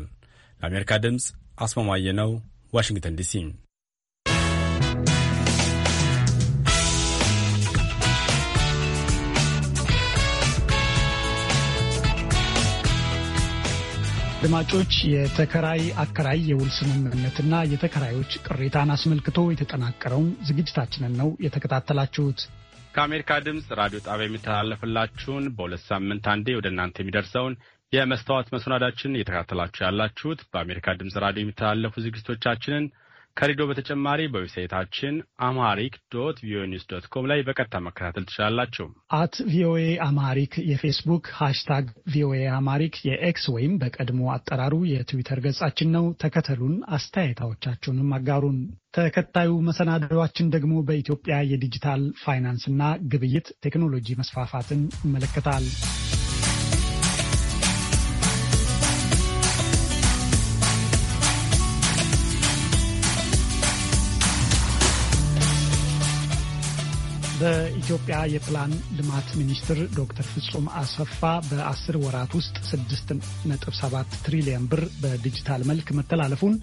S1: ለአሜሪካ ድምፅ አስማማየ ነው፣ ዋሽንግተን ዲሲ።
S2: አድማጮች የተከራይ አከራይ የውል ስምምነትና የተከራዮች ቅሬታን አስመልክቶ የተጠናቀረውን ዝግጅታችንን ነው የተከታተላችሁት።
S1: ከአሜሪካ ድምፅ ራዲዮ ጣቢያ የሚተላለፍላችሁን በሁለት ሳምንት አንዴ ወደ እናንተ የሚደርሰውን የመስተዋት መሰናዳችን እየተከታተላችሁ ያላችሁት በአሜሪካ ድምፅ ራዲዮ የሚተላለፉ ዝግጅቶቻችንን ከሬዲዮ በተጨማሪ በዌብሳይታችን አማሪክ ዶት ቪኦኤ ኒውስ ዶት ኮም ላይ በቀጥታ መከታተል ትችላላችሁ።
S2: አት ቪኦኤ አማሪክ የፌስቡክ ሃሽታግ ቪኦኤ አማሪክ የኤክስ ወይም በቀድሞ አጠራሩ የትዊተር ገጻችን ነው። ተከተሉን፣ አስተያየታዎቻችሁንም አጋሩን። ተከታዩ መሰናዶዋችን ደግሞ በኢትዮጵያ የዲጂታል ፋይናንስና ግብይት ቴክኖሎጂ መስፋፋትን ይመለከታል። በኢትዮጵያ የፕላን ልማት ሚኒስትር ዶክተር ፍጹም አሰፋ በአስር ወራት ውስጥ ሰባት ትሪሊየን ብር በዲጂታል መልክ መተላለፉን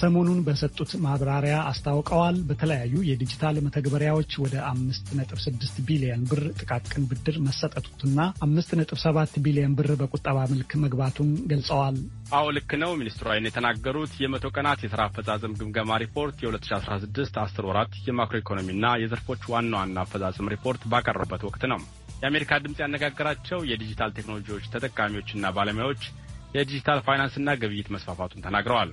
S2: ሰሞኑን በሰጡት ማብራሪያ አስታውቀዋል። በተለያዩ የዲጂታል መተግበሪያዎች ወደ 5.6 ቢሊዮን ብር ጥቃቅን ብድር መሰጠቱትና 5.7 ቢሊዮን ብር በቁጠባ መልክ መግባቱን ገልጸዋል።
S1: አዎ ልክ ነው ሚኒስትሩ አይን የተናገሩት የመቶ ቀናት የስራ አፈጻጸም ግምገማ ሪፖርት የ2016 10 ወራት የማክሮ ኢኮኖሚና የዘርፎች ዋና ዋና አፈጻጸም ሪፖርት ባቀረበበት ወቅት ነው። የአሜሪካ ድምፅ ያነጋገራቸው የዲጂታል ቴክኖሎጂዎች ተጠቃሚዎችና ባለሙያዎች የዲጂታል ፋይናንስና ግብይት መስፋፋቱን ተናግረዋል።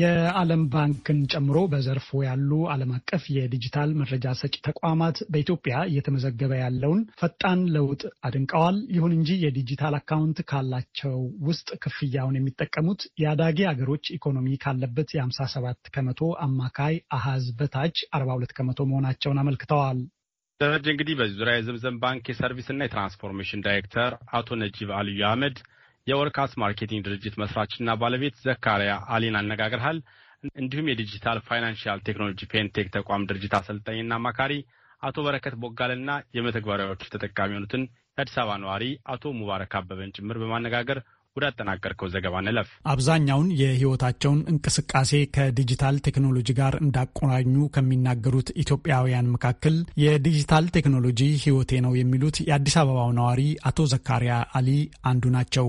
S2: የዓለም ባንክን ጨምሮ በዘርፉ ያሉ ዓለም አቀፍ የዲጂታል መረጃ ሰጪ ተቋማት በኢትዮጵያ እየተመዘገበ ያለውን ፈጣን ለውጥ አድንቀዋል። ይሁን እንጂ የዲጂታል አካውንት ካላቸው ውስጥ ክፍያውን የሚጠቀሙት የአዳጊ አገሮች ኢኮኖሚ ካለበት የ57 ከመቶ አማካይ አሃዝ በታች 42 ከመቶ መሆናቸውን አመልክተዋል።
S1: ደረጀ እንግዲህ በዚህ ዙሪያ የዘምዘም ባንክ የሰርቪስና የትራንስፎርሜሽን ዳይሬክተር አቶ ነጂብ አልዩ አህመድ የወርካስ ማርኬቲንግ ድርጅት መስራችና ባለቤት ዘካሪያ አሊን አነጋግርሃል። እንዲሁም የዲጂታል ፋይናንሽል ቴክኖሎጂ ፔንቴክ ተቋም ድርጅት አሰልጣኝና አማካሪ አቶ በረከት ቦጋልና የመተግበሪያዎቹ ተጠቃሚ የሆኑትን የአዲስ አበባ ነዋሪ አቶ ሙባረክ አበበን ጭምር በማነጋገር ወደ አጠናቀርከው ዘገባ ንለፍ።
S2: አብዛኛውን የሕይወታቸውን እንቅስቃሴ ከዲጂታል ቴክኖሎጂ ጋር እንዳቆራኙ ከሚናገሩት ኢትዮጵያውያን መካከል የዲጂታል ቴክኖሎጂ ሕይወቴ ነው የሚሉት የአዲስ አበባው ነዋሪ አቶ ዘካሪያ አሊ አንዱ ናቸው።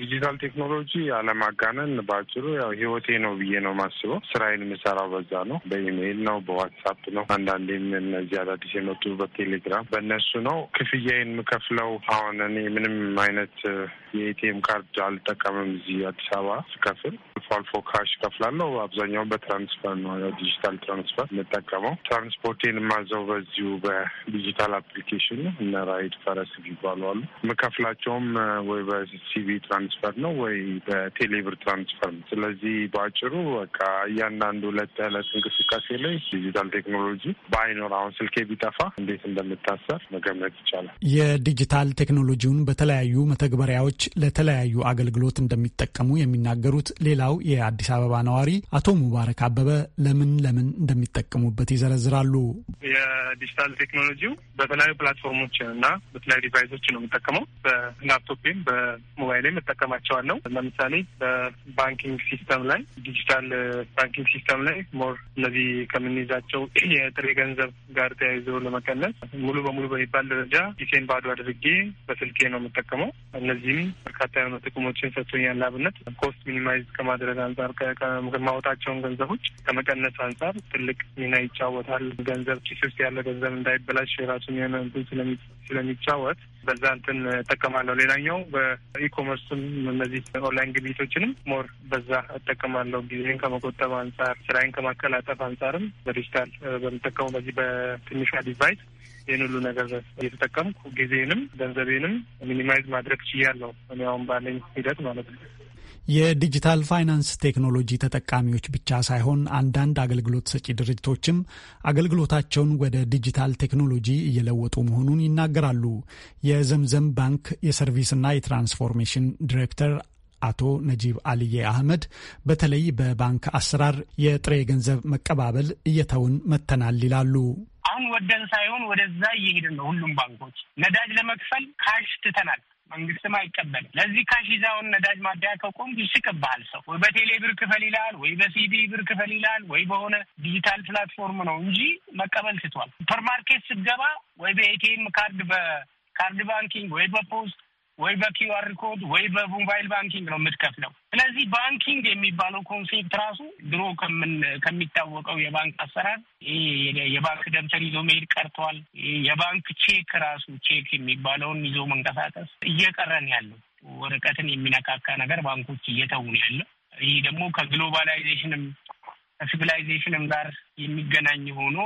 S7: ዲጂታል
S12: ቴክኖሎጂ አለማጋነን በአጭሩ ያው ህይወቴ ነው ብዬ ነው ማስበው። ስራዬን የምሰራው በዛ ነው። በኢሜይል ነው፣ በዋትሳፕ ነው። አንዳንዴም እነዚህ አዳዲስ የመጡ በቴሌግራም በእነሱ ነው ክፍያዬን የምከፍለው። አሁን እኔ ምንም አይነት የኤቲኤም ካርድ አልጠቀምም። እዚህ አዲስ አበባ ስከፍል አልፎ አልፎ ካሽ ከፍላለሁ። አብዛኛው በትራንስፈር ነው፣ ዲጂታል ትራንስፈር የምጠቀመው። ትራንስፖርቴን የማዘው በዚሁ በዲጂታል አፕሊኬሽን እነ ራይድ ፈረስ ይባሉ አሉ። የምከፍላቸውም ወይ በሲቪ ትራንስፈር ነው ወይ በቴሌብር ትራንስፈር ነው። ስለዚህ በአጭሩ በቃ እያንዳንዱ ዕለት ተዕለት እንቅስቃሴ ላይ ዲጂታል ቴክኖሎጂ ባይኖር አሁን ስልኬ ቢጠፋ እንዴት እንደምታሰር መገመት ይቻላል።
S2: የዲጂታል ቴክኖሎጂውን በተለያዩ መተግበሪያዎች ለተለያዩ አገልግሎት እንደሚጠቀሙ የሚናገሩት ሌላው የአዲስ አበባ ነዋሪ አቶ ሙባረክ አበበ ለምን ለምን እንደሚጠቀሙበት ይዘረዝራሉ።
S11: የዲጂታል ቴክኖሎጂው በተለያዩ ፕላትፎርሞች እና በተለያዩ ዲቫይሶች ነው የምጠቀመው በላፕቶፕም በሞባይል ላይ ላይም ነው። ለምሳሌ በባንኪንግ ሲስተም ላይ ዲጂታል ባንኪንግ ሲስተም ላይ ሞር እነዚህ ከምንይዛቸው የጥሬ ገንዘብ ጋር ተያይዞ ለመቀነስ ሙሉ በሙሉ በሚባል ደረጃ ጊዜን ባዶ አድርጌ በስልኬ ነው የምጠቀመው። እነዚህም በርካታ የሆነ ጥቅሞችን ሰጥቶኛል። ላብነት ኮስት ሚኒማይዝ ከማድረግ አንጻር ማወጣቸውን ገንዘቦች ከመቀነስ አንጻር ትልቅ ሚና ይጫወታል። ገንዘብ ኪስ ውስጥ ያለ ገንዘብ እንዳይበላሽ የራሱን የሆነ ስለሚ ስለሚጫወት በዛ እንትን እጠቀማለሁ። ሌላኛው በኢኮመርስም እነዚህ ኦንላይን ግብይቶችንም ሞር በዛ እጠቀማለሁ። ጊዜን ከመቆጠብ አንጻር፣ ስራዬን ከማቀላጠፍ አንጻርም በዲጂታል በምጠቀሙ በዚህ በትንሿ ዲቫይስ ይህን ሁሉ ነገር እየተጠቀምኩ ጊዜንም ገንዘቤንም ሚኒማይዝ ማድረግ ችያለሁ። እኔ አሁን ባለኝ ሂደት ማለት ነው።
S2: የዲጂታል ፋይናንስ ቴክኖሎጂ ተጠቃሚዎች ብቻ ሳይሆን አንዳንድ አገልግሎት ሰጪ ድርጅቶችም አገልግሎታቸውን ወደ ዲጂታል ቴክኖሎጂ እየለወጡ መሆኑን ይናገራሉ። የዘምዘም ባንክ የሰርቪስና የትራንስፎርሜሽን ዲሬክተር አቶ ነጂብ አልዬ አህመድ በተለይ በባንክ አሰራር የጥሬ ገንዘብ መቀባበል እየተውን መጥተናል ይላሉ።
S4: አሁን ወደን ሳይሆን ወደዛ እየሄድን ነው። ሁሉም ባንኮች ነዳጅ ለመክፈል ካሽ ትተናል። መንግስትም አይቀበልም። ለዚህ ካሽ ይዛውን ነዳጅ ማደያ ከቆምክ ይስቅብሃል። ሰው ወይ በቴሌ ብር ክፈል ይላል፣ ወይ በሲዲ ብር ክፈል ይላል፣ ወይ በሆነ ዲጂታል ፕላትፎርም ነው እንጂ መቀበል ትቷል። ሱፐርማርኬት ስትገባ ወይ በኤቲኤም ካርድ በካርድ ባንኪንግ ወይ በፖስት ወይ በኪዩአር ኮድ ወይ በሞባይል ባንኪንግ ነው የምትከፍለው። ስለዚህ ባንኪንግ የሚባለው ኮንሴፕት ራሱ ድሮ ከሚታወቀው የባንክ አሰራር የባንክ ደብተር ይዞ መሄድ ቀርቷል። የባንክ ቼክ ራሱ ቼክ የሚባለውን ይዞ መንቀሳቀስ እየቀረን ያለው ወረቀትን የሚነካካ ነገር ባንኮች እየተውን ያለው ይህ ደግሞ ከግሎባላይዜሽንም ከሲቪላይዜሽንም ጋር የሚገናኝ ሆኖ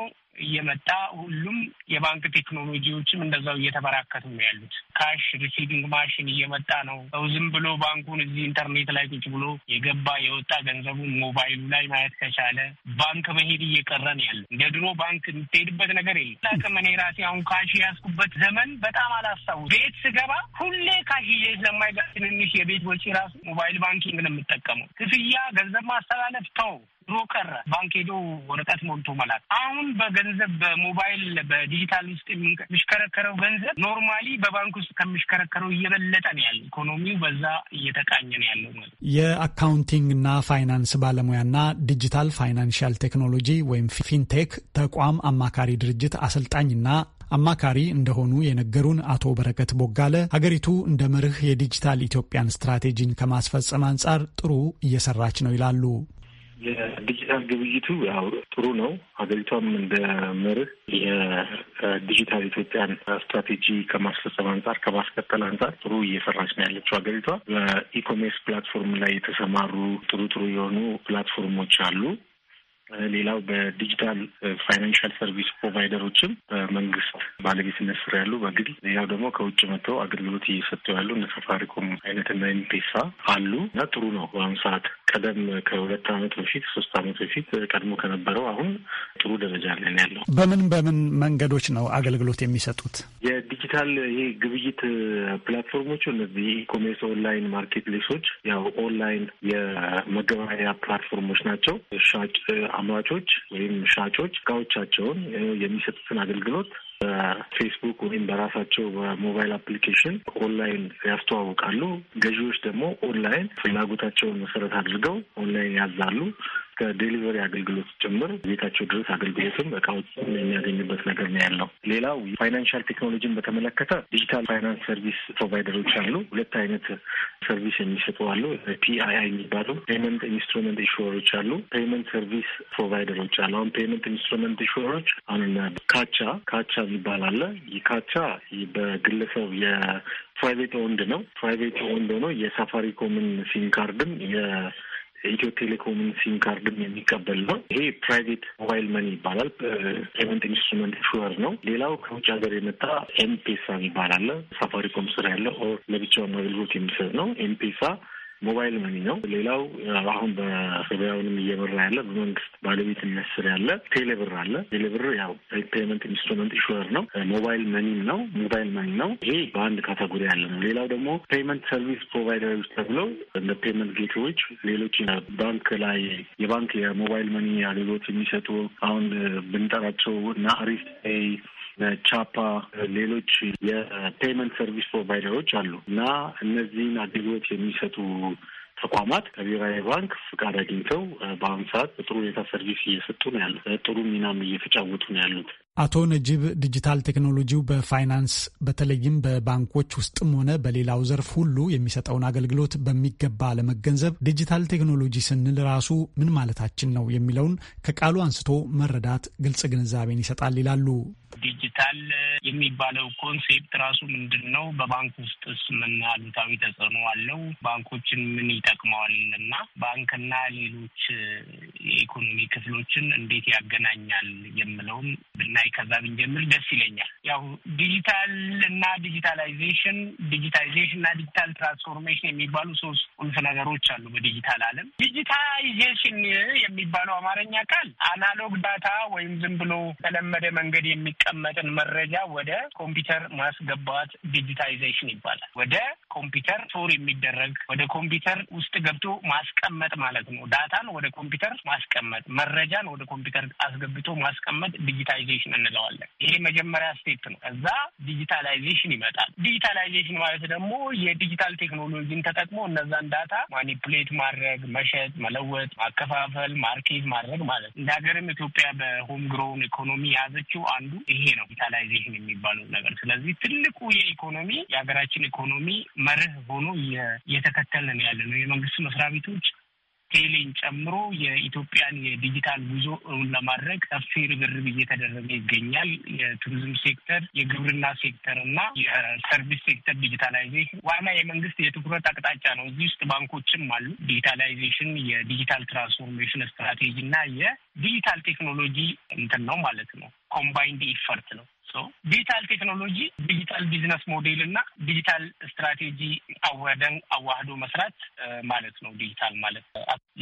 S4: እየመጣ ሁሉም የባንክ ቴክኖሎጂዎችም እንደዛው እየተበራከቱ ነው ያሉት። ካሽ ሪሲቪንግ ማሽን እየመጣ ነው። ሰው ዝም ብሎ ባንኩን እዚህ ኢንተርኔት ላይ ቁጭ ብሎ የገባ የወጣ ገንዘቡን ሞባይሉ ላይ ማየት ከቻለ ባንክ መሄድ እየቀረ ነው ያለ። እንደ ድሮ ባንክ የምትሄድበት ነገር የለም። ላቅም እኔ ራሴ አሁን ካሽ የያዝኩበት ዘመን በጣም አላስታውስ። ቤት ስገባ ሁሌ ካሽ ይዤ ስለማይጋ ትንንሽ የቤት ወጪ ራሱ ሞባይል ባንኪንግ ነው የምጠቀመው። ክፍያ፣ ገንዘብ ማስተላለፍ ተው ድሮ ቀረ። ባንክ ሄዶ ወረቀት ሞልቶ መላክ። አሁን በገንዘብ በሞባይል በዲጂታል ውስጥ የሚሽከረከረው ገንዘብ ኖርማሊ በባንክ ውስጥ ከሚሽከረከረው እየበለጠ ነው ያለ። ኢኮኖሚው በዛ እየተቃኘ ነው ያለው ማለት
S2: የአካውንቲንግ እና ፋይናንስ ባለሙያና ዲጂታል ፋይናንሻል ቴክኖሎጂ ወይም ፊንቴክ ተቋም አማካሪ ድርጅት አሰልጣኝና አማካሪ እንደሆኑ የነገሩን አቶ በረከት ቦጋለ ሀገሪቱ እንደ መርህ የዲጂታል ኢትዮጵያን ስትራቴጂን ከማስፈጸም አንጻር ጥሩ እየሰራች ነው ይላሉ።
S12: የዲጂታል ግብይቱ ያው ጥሩ ነው። ሀገሪቷም እንደ መርህ የዲጂታል ኢትዮጵያን ስትራቴጂ ከማስፈጸም አንጻር ከማስቀጠል አንጻር ጥሩ እየሰራች ነው ያለችው ሀገሪቷ። በኢኮሜርስ ፕላትፎርም ላይ የተሰማሩ ጥሩ ጥሩ የሆኑ ፕላትፎርሞች አሉ። ሌላው በዲጂታል ፋይናንሻል ሰርቪስ ፕሮቫይደሮችም በመንግስት ባለቤትነት ስር ያሉ በግል ሌላው ደግሞ ከውጭ መጥተው አገልግሎት እየሰጡ ያሉ እነ ሳፋሪኮም አይነት ኤምፔሳ አሉ እና ጥሩ ነው በአሁኑ ሰዓት ቀደም ከሁለት ዓመት በፊት ሶስት ዓመት በፊት ቀድሞ ከነበረው አሁን ጥሩ ደረጃ ላይ ያለው።
S2: በምን በምን መንገዶች ነው አገልግሎት የሚሰጡት?
S12: የዲጂታል ይሄ ግብይት ፕላትፎርሞቹ እነዚህ ኢኮሜርስ፣ ኦንላይን ማርኬት ሌሶች ያው ኦንላይን የመገበያያ ፕላትፎርሞች ናቸው። ሻጭ አምራቾች ወይም ሻጮች እቃዎቻቸውን የሚሰጡትን አገልግሎት በፌስቡክ ወይም በራሳቸው በሞባይል አፕሊኬሽን ኦንላይን ያስተዋውቃሉ። ገዢዎች ደግሞ ኦንላይን ፍላጎታቸውን መሰረት አድርገው ኦንላይን ያዛሉ። እስከ ዴሊቨሪ አገልግሎት ጭምር ቤታቸው ድረስ አገልግሎትም እቃዎች የሚያገኙበት ነገር ነው ያለው። ሌላው ፋይናንሻል ቴክኖሎጂን በተመለከተ ዲጂታል ፋይናንስ ሰርቪስ ፕሮቫይደሮች አሉ። ሁለት አይነት ሰርቪስ የሚሰጡ አሉ። ፒአይአይ የሚባሉ ፔመንት ኢንስትሩመንት ኢንሹሮች አሉ። ፔመንት ሰርቪስ ፕሮቫይደሮች አሉ። አሁን ፔመንት ኢንስትሩመንት ኢንሹሮች አሁንና ካቻ ካቻ የሚባል አለ። ካቻ በግለሰብ ፕራይቬት ኦንድ ነው። ፕራይቬት ኦንድ ሆኖ የሳፋሪኮምን ሲም ካርድም ኢትዮ ቴሌኮምን ሲም ካርድም የሚቀበል ነው። ይሄ ፕራይቬት ሞባይል መኒ ይባላል። ፔመንት ኢንስትሩመንት ሹወር ነው። ሌላው ከውጭ ሀገር የመጣ ኤምፔሳ ይባላል። ሳፋሪኮም ስራ ያለ ኦር ለብቻውን አገልግሎት የሚሰጥ ነው። ኤምፔሳ ሞባይል መኒ ነው። ሌላው አሁን በገበያውንም እየመራ ያለ በመንግስት ባለቤትነት ስር ያለ ቴሌብር አለ። ቴሌብር ያው ፔመንት ኢንስትሩመንት ኢሹዌር ነው። ሞባይል መኒም ነው። ሞባይል መኒ ነው። ይሄ በአንድ ካታጎሪ ያለ ነው። ሌላው ደግሞ ፔመንት ሰርቪስ ፕሮቫይደሮች ተብለው እንደ ፔመንት ጌቶዎች፣ ሌሎች ባንክ ላይ የባንክ የሞባይል መኒ አገልግሎት የሚሰጡ አሁን ብንጠራቸው እና አሪፍ ቻፓ፣ ሌሎች የፔመንት ሰርቪስ ፕሮቫይደሮች አሉ እና እነዚህን አገልግሎት የሚሰጡ ተቋማት ከብሔራዊ ባንክ ፍቃድ አግኝተው በአሁኑ ሰዓት በጥሩ ሁኔታ ሰርቪስ እየሰጡ ነው ያሉት። ጥሩ ሚናም እየተጫወቱ ነው ያሉት።
S2: አቶ ነጂብ ዲጂታል ቴክኖሎጂው በፋይናንስ በተለይም በባንኮች ውስጥም ሆነ በሌላው ዘርፍ ሁሉ የሚሰጠውን አገልግሎት በሚገባ ለመገንዘብ ዲጂታል ቴክኖሎጂ ስንል ራሱ ምን ማለታችን ነው የሚለውን ከቃሉ አንስቶ መረዳት ግልጽ ግንዛቤን ይሰጣል ይላሉ።
S4: ዲጂታል የሚባለው ኮንሴፕት ራሱ ምንድን ነው? በባንክ ውስጥስ ምን አሉታዊ ተጽዕኖ አለው? ባንኮችን ምን ይጠቅመዋል? እና ባንክና ሌሎች የኢኮኖሚ ክፍሎችን እንዴት ያገናኛል የምለውም ብናይ ከዛ ብንጀምር ደስ ይለኛል። ያው ዲጂታል እና ዲጂታላይዜሽን፣ ዲጂታላይዜሽን እና ዲጂታል ትራንስፎርሜሽን የሚባሉ ሶስት ቁልፍ ነገሮች አሉ በዲጂታል ዓለም። ዲጂታይዜሽን የሚባለው አማርኛ ቃል አናሎግ ዳታ ወይም ዝም ብሎ ተለመደ መንገድ የሚ የሚቀመጥን መረጃ ወደ ኮምፒውተር ማስገባት ዲጂታይዜሽን ይባላል። ወደ ኮምፒውተር ቶር የሚደረግ ወደ ኮምፒውተር ውስጥ ገብቶ ማስቀመጥ ማለት ነው። ዳታን ወደ ኮምፒውተር ማስቀመጥ፣ መረጃን ወደ ኮምፒውተር አስገብቶ ማስቀመጥ ዲጂታይዜሽን እንለዋለን። ይሄ መጀመሪያ ስቴፕ ነው። ከዛ ዲጂታላይዜሽን ይመጣል። ዲጂታላይዜሽን ማለት ደግሞ የዲጂታል ቴክኖሎጂን ተጠቅሞ እነዛን ዳታ ማኒፕሌት ማድረግ፣ መሸጥ፣ መለወጥ፣ ማከፋፈል፣ ማርኬት ማድረግ ማለት እንደ ሀገርም ኢትዮጵያ በሆም ግሮውን ኢኮኖሚ የያዘችው አንዱ ይሄ ነው ቪታላይዜሽን የሚባለው ነገር። ስለዚህ ትልቁ የኢኮኖሚ የሀገራችን ኢኮኖሚ መርህ ሆኖ እየተከተልን ያለ ነው። የመንግስት መስሪያ ቤቶች ቴሌን ጨምሮ የኢትዮጵያን የዲጂታል ጉዞ እውን ለማድረግ ሰፊ ርብርብ እየተደረገ ይገኛል። የቱሪዝም ሴክተር፣ የግብርና ሴክተር እና የሰርቪስ ሴክተር ዲጂታላይዜሽን ዋና የመንግስት የትኩረት አቅጣጫ ነው። እዚህ ውስጥ ባንኮችም አሉ። ዲጂታላይዜሽን፣ የዲጂታል ትራንስፎርሜሽን ስትራቴጂ እና የዲጂታል ቴክኖሎጂ እንትን ነው ማለት ነው። ኮምባይንድ ኢፈርት ነው። ዲጂታል ቴክኖሎጂ፣ ዲጂታል ቢዝነስ ሞዴል እና ዲጂታል ስትራቴጂ አወደን አዋህዶ መስራት ማለት ነው። ዲጂታል ማለት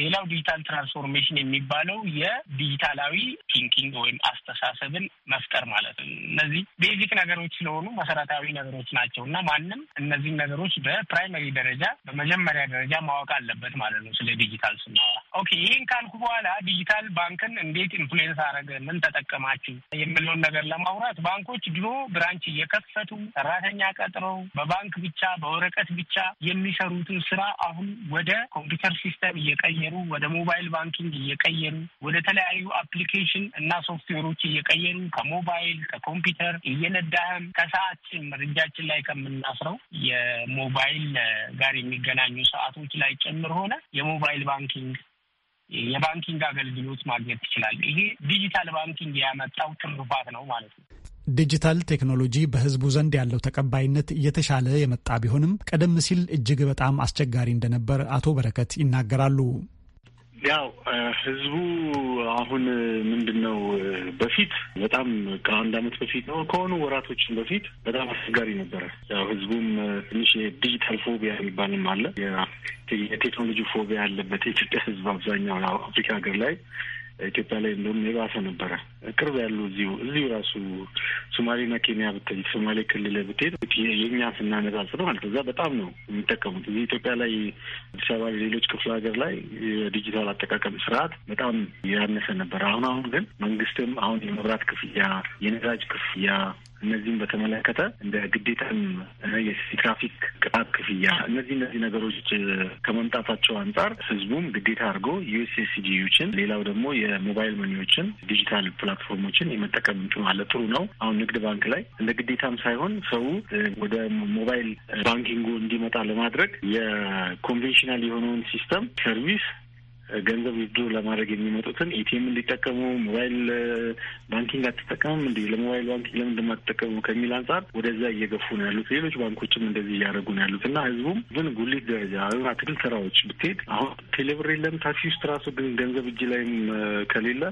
S4: ሌላው ዲጂታል ትራንስፎርሜሽን የሚባለው የዲጂታላዊ ቲንኪንግ ወይም አስተሳሰብን መፍጠር ማለት ነው። እነዚህ ቤዚክ ነገሮች ስለሆኑ መሰረታዊ ነገሮች ናቸው እና ማንም እነዚህን ነገሮች በፕራይመሪ ደረጃ በመጀመሪያ ደረጃ ማወቅ አለበት ማለት ነው። ስለ ዲጂታል ስናወራ ኦኬ፣ ይህን ካልኩ በኋላ ዲጂታል ባንክን እንዴት ኢንፍሉዌንስ አረገ፣ ምን ተጠቀማችሁ የሚለውን ነገር ለማውራት ባንኮች ድሮ ብራንች እየከፈቱ ሰራተኛ ቀጥረው በባንክ ብቻ በወረቀት ብቻ የሚሰሩትን ስራ አሁን ወደ ኮምፒውተር ሲስተም እየቀየሩ ወደ ሞባይል ባንኪንግ እየቀየሩ ወደ ተለያዩ አፕሊኬሽን እና ሶፍትዌሮች እየቀየሩ ከሞባይል ከኮምፒውተር እየነዳህም ከሰዓትም እጃችን ላይ ከምናስረው የሞባይል ጋር የሚገናኙ ሰዓቶች ላይ ጭምር ሆነ የሞባይል ባንኪንግ የባንኪንግ አገልግሎት ማግኘት ትችላለህ። ይሄ ዲጂታል ባንኪንግ ያመጣው ትሩፋት ነው ማለት ነው።
S2: ዲጂታል ቴክኖሎጂ በህዝቡ ዘንድ ያለው ተቀባይነት እየተሻለ የመጣ ቢሆንም ቀደም ሲል እጅግ በጣም አስቸጋሪ እንደነበር አቶ በረከት ይናገራሉ።
S12: ያው ህዝቡ አሁን ምንድን ነው በፊት በጣም ከአንድ አመት በፊት ነው ከሆኑ ወራቶችን በፊት በጣም አስቸጋሪ ነበረ። ያው ህዝቡም ትንሽ የዲጂታል ፎቢያ የሚባልም አለ። የቴክኖሎጂ ፎቢያ ያለበት የኢትዮጵያ ህዝብ አብዛኛው አፍሪካ ሀገር ላይ ኢትዮጵያ ላይ እንደውም የባሰ ነበረ ቅርብ ያሉ እዚሁ እዚሁ ራሱ ሶማሌና ኬንያ ብትሄድ ሶማሌ ክልል ብትሄድ የእኛ ስናነጻጽር ማለት እዛ በጣም ነው የሚጠቀሙት። እዚህ ኢትዮጵያ ላይ አዲስ አበባ፣ ሌሎች ክፍለ ሀገር ላይ የዲጂታል አጠቃቀም ስርዓት በጣም ያነሰ ነበር። አሁን አሁን ግን መንግስትም አሁን የመብራት ክፍያ፣ የነዳጅ ክፍያ እነዚህም በተመለከተ እንደ ግዴታም የትራፊክ ቅጣት ክፍያ እነዚህ እነዚህ ነገሮች ከመምጣታቸው አንጻር ህዝቡም ግዴታ አድርጎ ዩኤስኤስዲዩችን ሌላው ደግሞ የሞባይል መኒዎችን ዲጂታል ፕላ ፕላትፎርሞችን የመጠቀም እንትኑ አለ። ጥሩ ነው። አሁን ንግድ ባንክ ላይ እንደ ግዴታም ሳይሆን ሰው ወደ ሞባይል ባንኪንጉ እንዲመጣ ለማድረግ የኮንቬንሽናል የሆነውን ሲስተም ሰርቪስ ገንዘብ ውድድር ለማድረግ የሚመጡትን ኢቲኤም እንዲጠቀሙ ሞባይል ባንኪንግ አትጠቀምም እንዲ ለሞባይል ባንኪንግ ለምን እንደማትጠቀሙ ከሚል አንጻር ወደዛ እየገፉ ነው ያሉት። ሌሎች ባንኮችም እንደዚህ እያደረጉ ነው ያሉት እና ህዝቡም ግን ጉሊት ደረጃ አትክልት ስራዎች ብትሄድ አሁን ቴሌብር የለም ታክሲ ውስጥ ራሱ ግን ገንዘብ እጅ ላይም ከሌለ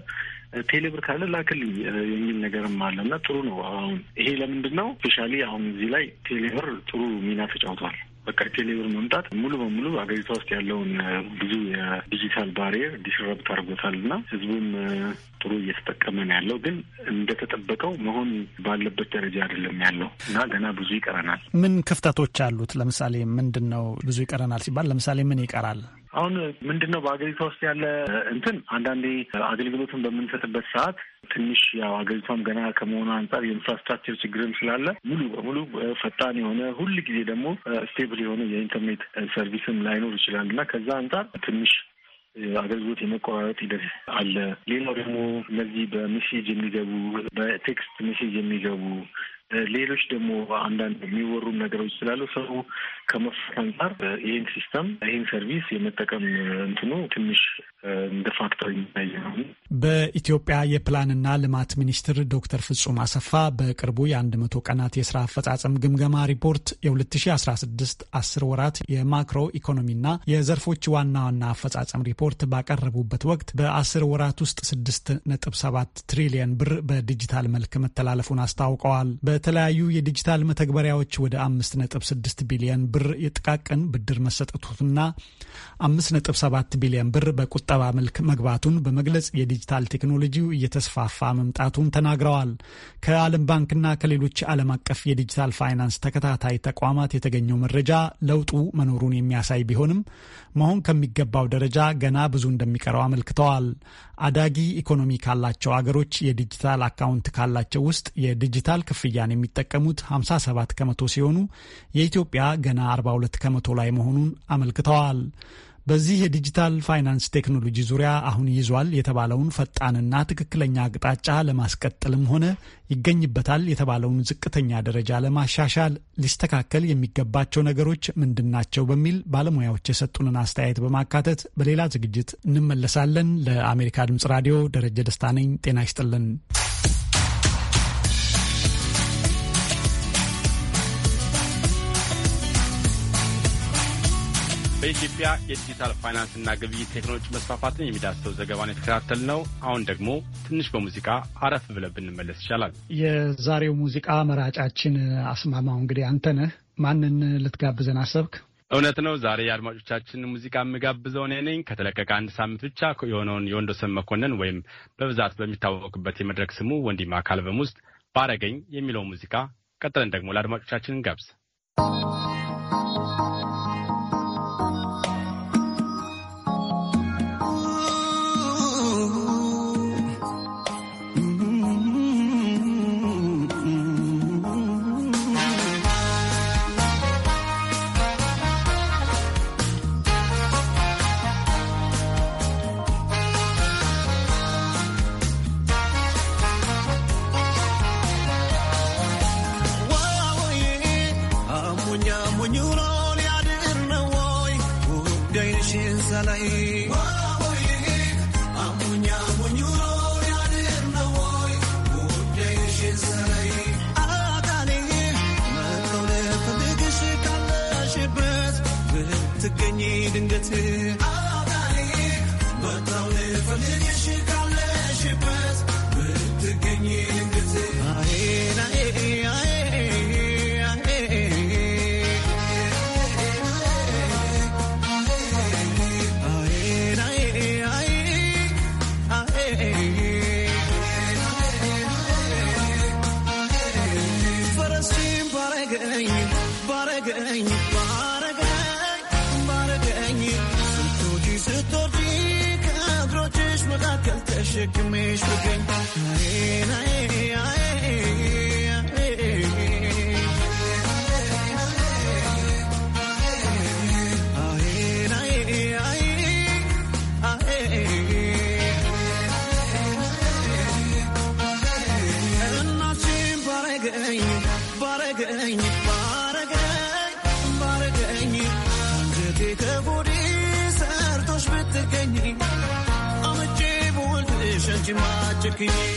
S12: ቴሌብር ካለ ላክልኝ የሚል ነገርም አለ እና ጥሩ ነው። አሁን ይሄ ለምንድን ነው ስፔሻሊ አሁን እዚህ ላይ ቴሌብር ጥሩ ሚና ተጫውቷል። በቃ ቴሌብር መምጣት ሙሉ በሙሉ አገሪቷ ውስጥ ያለውን ብዙ የዲጂታል ባሪየር ዲስረብት አድርጎታል እና ህዝቡም ጥሩ እየተጠቀመ ነው ያለው። ግን እንደተጠበቀው መሆን ባለበት ደረጃ አይደለም ያለው እና ገና ብዙ ይቀረናል።
S2: ምን ክፍተቶች አሉት? ለምሳሌ ምንድን ነው ብዙ ይቀረናል ሲባል ለምሳሌ ምን ይቀራል?
S12: አሁን ምንድን ነው በአገሪቷ ውስጥ ያለ እንትን አንዳንዴ አገልግሎትን በምንሰጥበት ሰዓት ትንሽ ያው አገሪቷም ገና ከመሆኑ አንጻር የኢንፍራስትራክቸር ችግርም ስላለ ሙሉ በሙሉ ፈጣን የሆነ ሁል ጊዜ ደግሞ ስቴብል የሆነ የኢንተርኔት ሰርቪስም ላይኖር ይችላል እና ከዛ አንጻር ትንሽ አገልግሎት የመቆራረጥ ሂደት አለ። ሌላው ደግሞ እነዚህ በሜሴጅ የሚገቡ በቴክስት ሜሴጅ የሚገቡ ሌሎች ደግሞ አንዳንድ የሚወሩም ነገሮች ስላሉ ሰው ከመፍራት አንጻር ይህን ሲስተም ይህን ሰርቪስ የመጠቀም እንትኑ ትንሽ እንደ ፋክተር የሚታይ ነው።
S2: በኢትዮጵያ የፕላንና ልማት ሚኒስትር ዶክተር ፍጹም አሰፋ በቅርቡ የአንድ መቶ ቀናት የስራ አፈጻጸም ግምገማ ሪፖርት የ2016 አስር ወራት የማክሮ ኢኮኖሚና የዘርፎች ዋና ዋና አፈጻጸም ሪፖርት ባቀረቡበት ወቅት በአስር ወራት ውስጥ 6.7 ትሪሊየን ብር በዲጂታል መልክ መተላለፉን አስታውቀዋል። የተለያዩ የዲጂታል መተግበሪያዎች ወደ 5.6 ቢሊዮን ብር የጥቃቅን ብድር መሰጠቱና 5.7 ቢሊዮን ብር በቁጠባ መልክ መግባቱን በመግለጽ የዲጂታል ቴክኖሎጂው እየተስፋፋ መምጣቱን ተናግረዋል። ከዓለም ባንክና ከሌሎች ዓለም አቀፍ የዲጂታል ፋይናንስ ተከታታይ ተቋማት የተገኘው መረጃ ለውጡ መኖሩን የሚያሳይ ቢሆንም መሆን ከሚገባው ደረጃ ገና ብዙ እንደሚቀረው አመልክተዋል። አዳጊ ኢኮኖሚ ካላቸው አገሮች የዲጂታል አካውንት ካላቸው ውስጥ የዲጂታል ክፍያን የሚጠቀሙት 57 ከመቶ ሲሆኑ የኢትዮጵያ ገና 42 ከመቶ ላይ መሆኑን አመልክተዋል። በዚህ የዲጂታል ፋይናንስ ቴክኖሎጂ ዙሪያ አሁን ይዟል የተባለውን ፈጣንና ትክክለኛ አቅጣጫ ለማስቀጠልም ሆነ ይገኝበታል የተባለውን ዝቅተኛ ደረጃ ለማሻሻል ሊስተካከል የሚገባቸው ነገሮች ምንድን ናቸው በሚል ባለሙያዎች የሰጡንን አስተያየት በማካተት በሌላ ዝግጅት እንመለሳለን። ለአሜሪካ ድምጽ ራዲዮ ደረጀ ደስታ ነኝ። ጤና ይስጥልን።
S1: በኢትዮጵያ የዲጂታል ፋይናንስና ግብይት ቴክኖሎጂ መስፋፋትን የሚዳሰው ዘገባን የተከታተል ነው። አሁን ደግሞ ትንሽ በሙዚቃ አረፍ ብለን ብንመለስ ይቻላል።
S2: የዛሬው ሙዚቃ መራጫችን አስማማው እንግዲህ ነህ። ማንን ልትጋብዘን አሰብክ?
S1: እውነት ነው። ዛሬ የአድማጮቻችን ሙዚቃ የምጋብዘው እኔ ነኝ። ከተለቀቀ አንድ ሳምንት ብቻ የሆነውን የወንዶሰን መኮንን ወይም በብዛት በሚታወቅበት የመድረክ ስሙ ወንዲማ ካልበም ውስጥ ባረገኝ የሚለው ሙዚቃ ቀጥለን ደግሞ ለአድማጮቻችን ጋብዝ።
S13: again. You.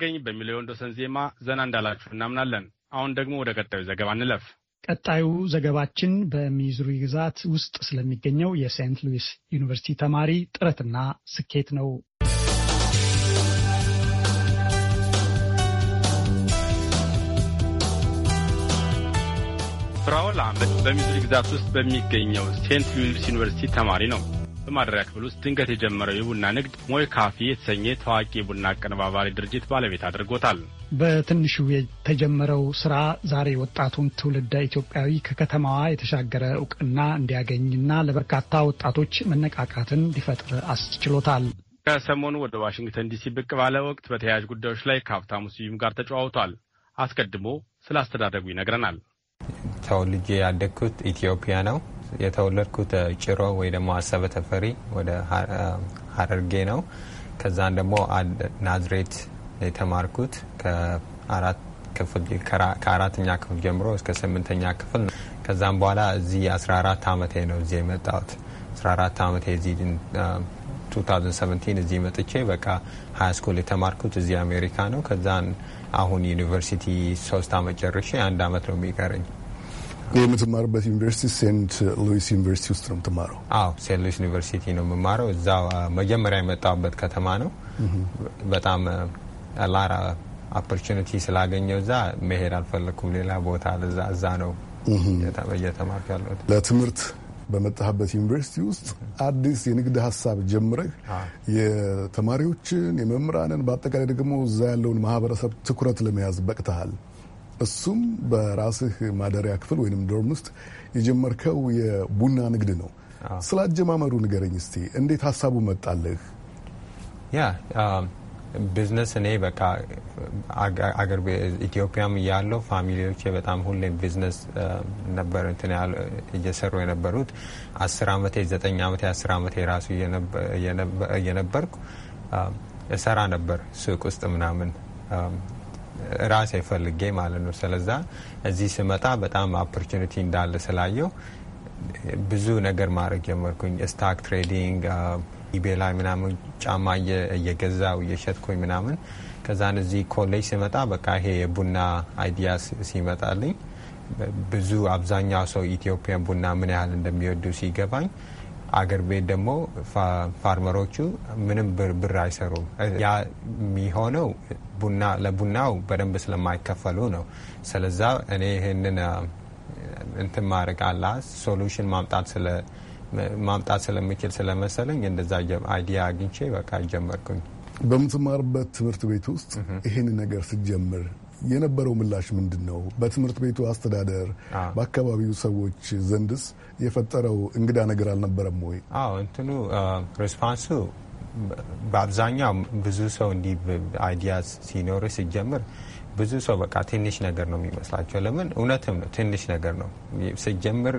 S1: አድርገኝ በሚለው የወንዶሰን ዜማ ዘና እንዳላችሁ እናምናለን። አሁን ደግሞ ወደ ቀጣዩ ዘገባ እንለፍ።
S2: ቀጣዩ ዘገባችን በሚዙሪ ግዛት ውስጥ ስለሚገኘው የሴንት ሉዊስ ዩኒቨርሲቲ ተማሪ ጥረትና ስኬት ነው።
S1: ፍራውል አመድ በሚዙሪ ግዛት ውስጥ በሚገኘው ሴንት ሉዊስ ዩኒቨርሲቲ ተማሪ ነው። በማደሪያ ክፍል ውስጥ ድንገት የጀመረው የቡና ንግድ ሞይ ካፌ የተሰኘ ታዋቂ የቡና አቀነባባሪ ድርጅት ባለቤት አድርጎታል።
S2: በትንሹ የተጀመረው ስራ ዛሬ ወጣቱን ትውልደ ኢትዮጵያዊ ከከተማዋ የተሻገረ እውቅና እንዲያገኝና ለበርካታ ወጣቶች መነቃቃትን ሊፈጥር አስችሎታል።
S1: ከሰሞኑ ወደ ዋሽንግተን ዲሲ ብቅ ባለ ወቅት በተያያዥ ጉዳዮች ላይ ከሀብታሙ ስዩም ጋር ተጨዋውቷል። አስቀድሞ ስለ አስተዳደጉ ይነግረናል።
S14: ተወልጄ ያደግኩት ኢትዮጵያ ነው። የተወለድኩት ጭሮ ወይ ደግሞ አሰበ ተፈሪ ወደ ሀረርጌ ነው። ከዛን ደግሞ ናዝሬት የተማርኩት ከአራተኛ ክፍል ጀምሮ እስከ ስምንተኛ ክፍል ነው። ከዛም በኋላ እዚህ 14 ዓመቴ ነው እዚህ የመጣሁት። 14 ዓመቴ እዚህ 2017 እዚህ መጥቼ በቃ ሀይ ስኩል የተማርኩት እዚህ አሜሪካ ነው። ከዛን አሁን ዩኒቨርሲቲ ሶስት አመት ጨርሼ አንድ አመት ነው የሚቀረኝ
S15: የምትማርበት ዩኒቨርሲቲ ሴንት ሉዊስ ዩኒቨርሲቲ ውስጥ ነው የምትማረው?
S14: አዎ ሴንት ሉዊስ ዩኒቨርሲቲ ነው የምማረው። እዛ መጀመሪያ የመጣሁበት ከተማ ነው። በጣም ላራ ኦፖርቹኒቲ ስላገኘው እዛ መሄድ አልፈለግኩም ሌላ ቦታ እዛ ነው
S15: እየተማርኩ ያለሁት ለትምህርት በመጣህበት ዩኒቨርሲቲ ውስጥ አዲስ የንግድ ሀሳብ ጀምረህ የተማሪዎችን፣ የመምህራንን በአጠቃላይ ደግሞ እዛ ያለውን ማህበረሰብ ትኩረት ለመያዝ በቅተሃል። እሱም በራስህ ማደሪያ ክፍል ወይም ዶርም ውስጥ የጀመርከው የቡና ንግድ ነው። ስለ አጀማመሩ ንገረኝ እስቲ። እንዴት ሀሳቡ መጣልህ?
S14: ያ ቢዝነስ እኔ በቃ አገር ኢትዮጵያም ያለው ፋሚሊዎች በጣም ሁሌም ቢዝነስ ነበር እንትን እየሰሩ የነበሩት አስር አመቴ ዘጠኝ አመቴ አስር አመቴ ራሱ እየነበርኩ እሰራ ነበር ሱቅ ውስጥ ምናምን ራሴ ፈልጌ ማለት ነው። ስለዛ እዚህ ስመጣ በጣም ኦፖርቹኒቲ እንዳለ ስላየው ብዙ ነገር ማድረግ ጀመርኩኝ። ስታክ ትሬዲንግ ኢቤ ላይ ምናምን ጫማ እየገዛው እየሸጥኩኝ ምናምን። ከዛን እዚህ ኮሌጅ ስመጣ በቃ ይሄ የቡና አይዲያ ሲመጣልኝ ብዙ አብዛኛው ሰው ኢትዮጵያን ቡና ምን ያህል እንደሚወዱ ሲገባኝ አገር ቤት ደግሞ ፋርመሮቹ ምንም ብር አይሰሩም። ያ የሚሆነው ቡና ለቡናው በደንብ ስለማይከፈሉ ነው። ስለዛ እኔ ይህንን እንትን ማድረግ አላ ሶሉሽን ማምጣት ስለ ማምጣት ስለምችል ስለመሰለኝ እንደዛ አይዲያ አግኝቼ በቃ ጀመርኩኝ።
S15: በምትማርበት ትምህርት ቤት ውስጥ ይህን ነገር ስትጀምር የነበረው ምላሽ ምንድን ነው? በትምህርት ቤቱ አስተዳደር፣ በአካባቢው ሰዎች ዘንድስ የፈጠረው እንግዳ ነገር አልነበረም ወይ?
S14: አዎ እንትኑ ሬስፖንሱ በአብዛኛው ብዙ ሰው እንዲህ አይዲያ ሲኖር ሲጀምር ብዙ ሰው በቃ ትንሽ ነገር ነው የሚመስላቸው። ለምን እውነትም ነው ትንሽ ነገር ነው። ስጀምር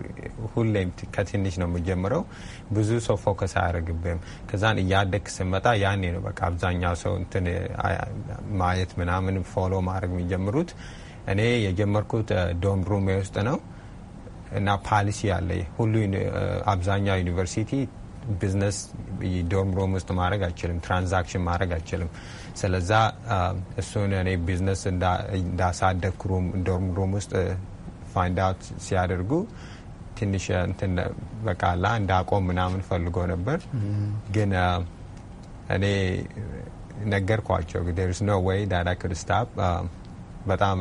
S14: ሁሌም ከትንሽ ነው የምጀምረው። ብዙ ሰው ፎከስ አያደርግብም። ከዛን እያደግ ስመጣ ያኔ ነው በቃ አብዛኛው ሰው እንትን ማየት ምናምን ፎሎ ማድረግ የሚጀምሩት። እኔ የጀመርኩት ዶም ሩሜ ውስጥ ነው እና ፓሊሲ አለ ሁሉ አብዛኛው ዩኒቨርሲቲ ቢዝነስ ዶም ሩም ውስጥ ማድረግ አይችልም። ትራንዛክሽን ማድረግ አይችልም። ስለዛ እሱን እኔ ቢዝነስ እንዳሳደግኩ ዶርም ውስጥ ፋይንድ አውት ሲያደርጉ ትንሽ እንትን በቃላ እንዳቆም ምናምን ፈልጎ ነበር። ግን እኔ ነገርኳቸው ዴርስ ኖ ወይ ዳዳ ክድ ስታፕ በጣም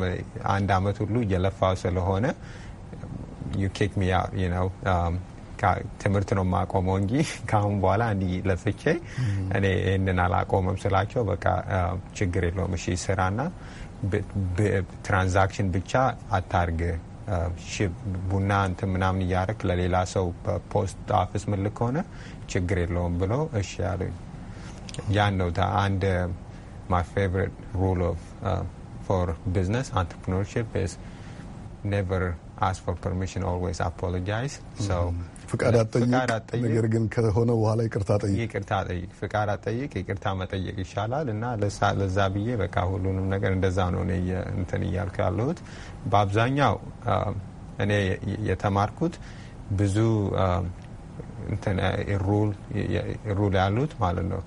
S14: አንድ አመት ሁሉ እየለፋው ስለሆነ ዩ ኬክ ሚ አውት ትምህርት ነው የማቆመው እንጂ ከአሁን በኋላ እንዲህ ለፍቼ እኔ ይህንን አላቆመም ስላቸው በቃ ችግር የለውም እሺ ስራና ትራንዛክሽን ብቻ አታርግ ቡና እንትን ምናምን እያረክ ለሌላ ሰው በፖስት ኦፊስ ምልክ ከሆነ ችግር የለውም ብሎ እሺ ያሉኝ። ያን ነው አንድ ማይ ፌቨሪት ሩል ኦፍ ፎር ቢዝነስ አንትርፕኖርሽፕ ኢዝ ኔቨር አስክ ፎር ፐርሚሽን ኦልዌይስ አፖሎጃይዝ ፍቃድ
S15: አጠይቅ፣ ነገር ግን ከሆነ በኋላ ይቅርታ ጠይቅ።
S14: ይቅርታ ጠይቅ፣ ፍቃድ አጠይቅ፣ ይቅርታ መጠየቅ ይሻላል። እና ለዛ ብዬ በቃ ሁሉንም ነገር እንደዛ ነው እኔ እንትን እያልኩ ያለሁት። በአብዛኛው እኔ የተማርኩት ብዙ ሩል ያሉት ማለት ነው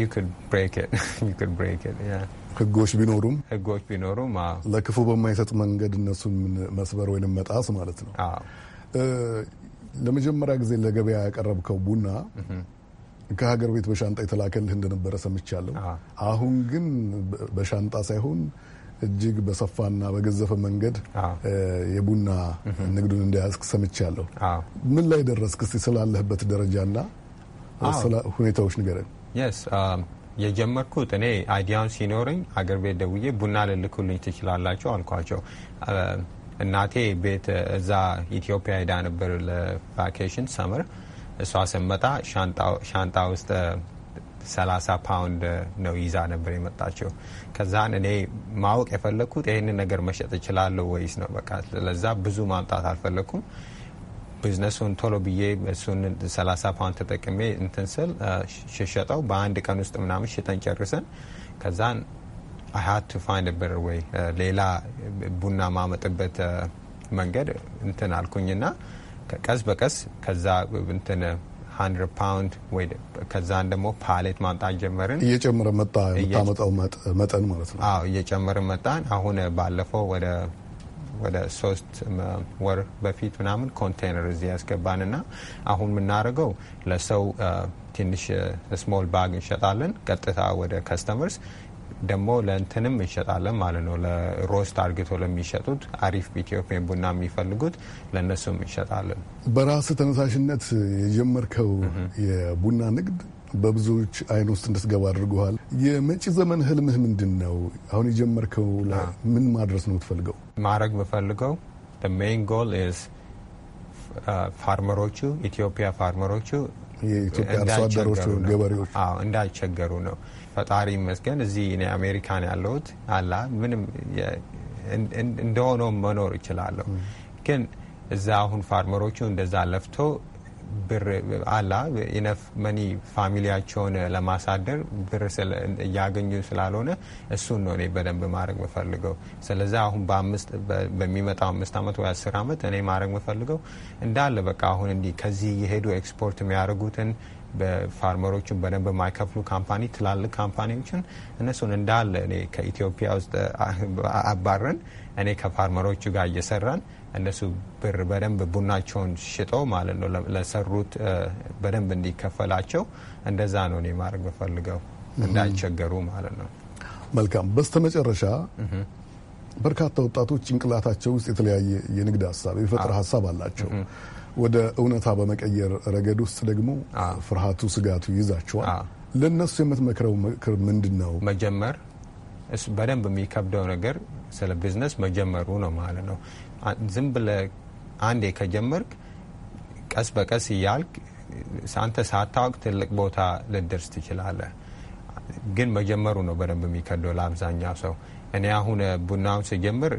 S14: ዩ ኩድ ብሬክ ዩ ኩድ ብሬክ
S15: ህጎች ቢኖሩም
S14: ህጎች ቢኖሩም
S15: ለክፉ በማይሰጥ መንገድ እነሱን መስበር ወይም መጣስ ማለት ነው። ለመጀመሪያ ጊዜ ለገበያ ያቀረብከው ቡና ከሀገር ቤት በሻንጣ የተላከልህ እንደነበረ ሰምቻለሁ። አሁን ግን በሻንጣ ሳይሆን እጅግ በሰፋና በገዘፈ መንገድ የቡና ንግዱን እንዳያስክ ሰምቻለሁ። ምን ላይ ደረስክ? እስኪ ስላለህበት ደረጃና ሁኔታዎች ንገረን።
S14: um, የጀመርኩት እኔ አይዲያውን ሲኖረኝ አገር ቤት ደውዬ ቡና ልልኩልኝ ትችላላቸው አልኳቸው። እናቴ ቤት እዛ ኢትዮጵያ ሄዳ ነበር ለቫኬሽን ሰምር። እሷ ስመጣ ሻንጣ ውስጥ 30 ፓውንድ ነው ይዛ ነበር የመጣቸው። ከዛን እኔ ማወቅ የፈለግኩት ይህንን ነገር መሸጥ እችላለሁ ወይስ ነው። በቃ ለዛ ብዙ ማምጣት አልፈለግኩም። ቢዝነሱን ቶሎ ብዬ እሱን 30 ፓውንድ ተጠቅሜ እንትን ስል ሽሸጠው በአንድ ቀን ውስጥ ምናምን ሽጠን ጨርሰን ከዛን አሀቱ ፋይንድ ብር ወይ ሌላ ቡና ማመጥበት መንገድ እንትን አልኩኝና ቀስ በቀስ ከዛ እንትን ሀንድረድ ፓውንድ ወይ ከዛን ደግሞ ፓሌት ማምጣት ጀመርን።
S15: እየጨመረ መጣ፣
S14: የምታመጣው መጠን ማለት ነው። አዎ እየጨመረ መጣን። አሁን ባለፈው ወደ ወደ ሶስት ወር በፊት ምናምን ኮንቴነር እዚህ ያስገባንና አሁን የምናደርገው ለሰው ትንሽ ስሞል ባግ እንሸጣለን። ቀጥታ ወደ ከስተመርስ ደግሞ ለእንትንም እንሸጣለን ማለት ነው። ለሮስት አርግቶ ለሚሸጡት አሪፍ ኢትዮጵያን ቡና የሚፈልጉት ለእነሱም እንሸጣለን።
S15: በራስ ተነሳሽነት የጀመርከው የቡና ንግድ በብዙዎች አይን ውስጥ እንድትገባ አድርገዋል። የመጪ ዘመን ህልምህ ምንድን ነው? አሁን የጀመርከው ምን ማድረስ ነው የምትፈልገው?
S14: ማድረግ የምፈልገው ሜን ጎል ፋርመሮቹ ኢትዮጵያ ፋርመሮቹ ገበሬዎች እንዳይቸገሩ ነው። ፈጣሪ ይመስገን እዚህ እኔ አሜሪካን ያለሁት አላ ምንም እንደሆነው መኖር ይችላለሁ። ግን እዛ አሁን ፋርመሮቹ እንደዛ ለፍቶ ብር አላ ኢነፍ መኒ ፋሚሊያቸውን ለማሳደር ብር እያገኙ ስላልሆነ እሱን ነው እኔ በደንብ ማድረግ የምፈልገው። ስለዚ አሁን በአምስት በሚመጣው አምስት አመት ወይ አስር ዓመት እኔ ማድረግ የምፈልገው እንዳለ በቃ አሁን እንዲህ ከዚህ የሄዱ ኤክስፖርት የሚያደርጉትን በፋርመሮችን በደንብ የማይከፍሉ ካምፓኒ ትላልቅ ካምፓኒዎችን እነሱን እንዳለ እኔ ከኢትዮጵያ ውስጥ አባረን እኔ ከፋርመሮቹ ጋር እየሰራን እነሱ ብር በደንብ ቡናቸውን ሽጠው ማለት ነው ለሰሩት በደንብ እንዲከፈላቸው እንደዛ ነው እኔ ማድረግ በፈልገው እንዳይቸገሩ ማለት
S15: ነው። መልካም። በስተመጨረሻ በርካታ ወጣቶች ጭንቅላታቸው ውስጥ የተለያየ የንግድ ሀሳብ የፈጠራ ሀሳብ አላቸው። ወደ እውነታ በመቀየር ረገድ ውስጥ ደግሞ ፍርሃቱ፣ ስጋቱ ይዛቸዋል። ለእነሱ የምትመክረው ምክር ምንድን ነው?
S14: መጀመር በደንብ የሚከብደው ነገር ስለ ቢዝነስ መጀመሩ ነው ማለት ነው። ዝም ብለ አንዴ ከጀመርክ ቀስ በቀስ እያልክ አንተ ሳታውቅ ትልቅ ቦታ ልደርስ ትችላለህ። ግን መጀመሩ ነው በደንብ የሚከደው ለአብዛኛው ሰው። እኔ አሁን ቡናውን ስጀምር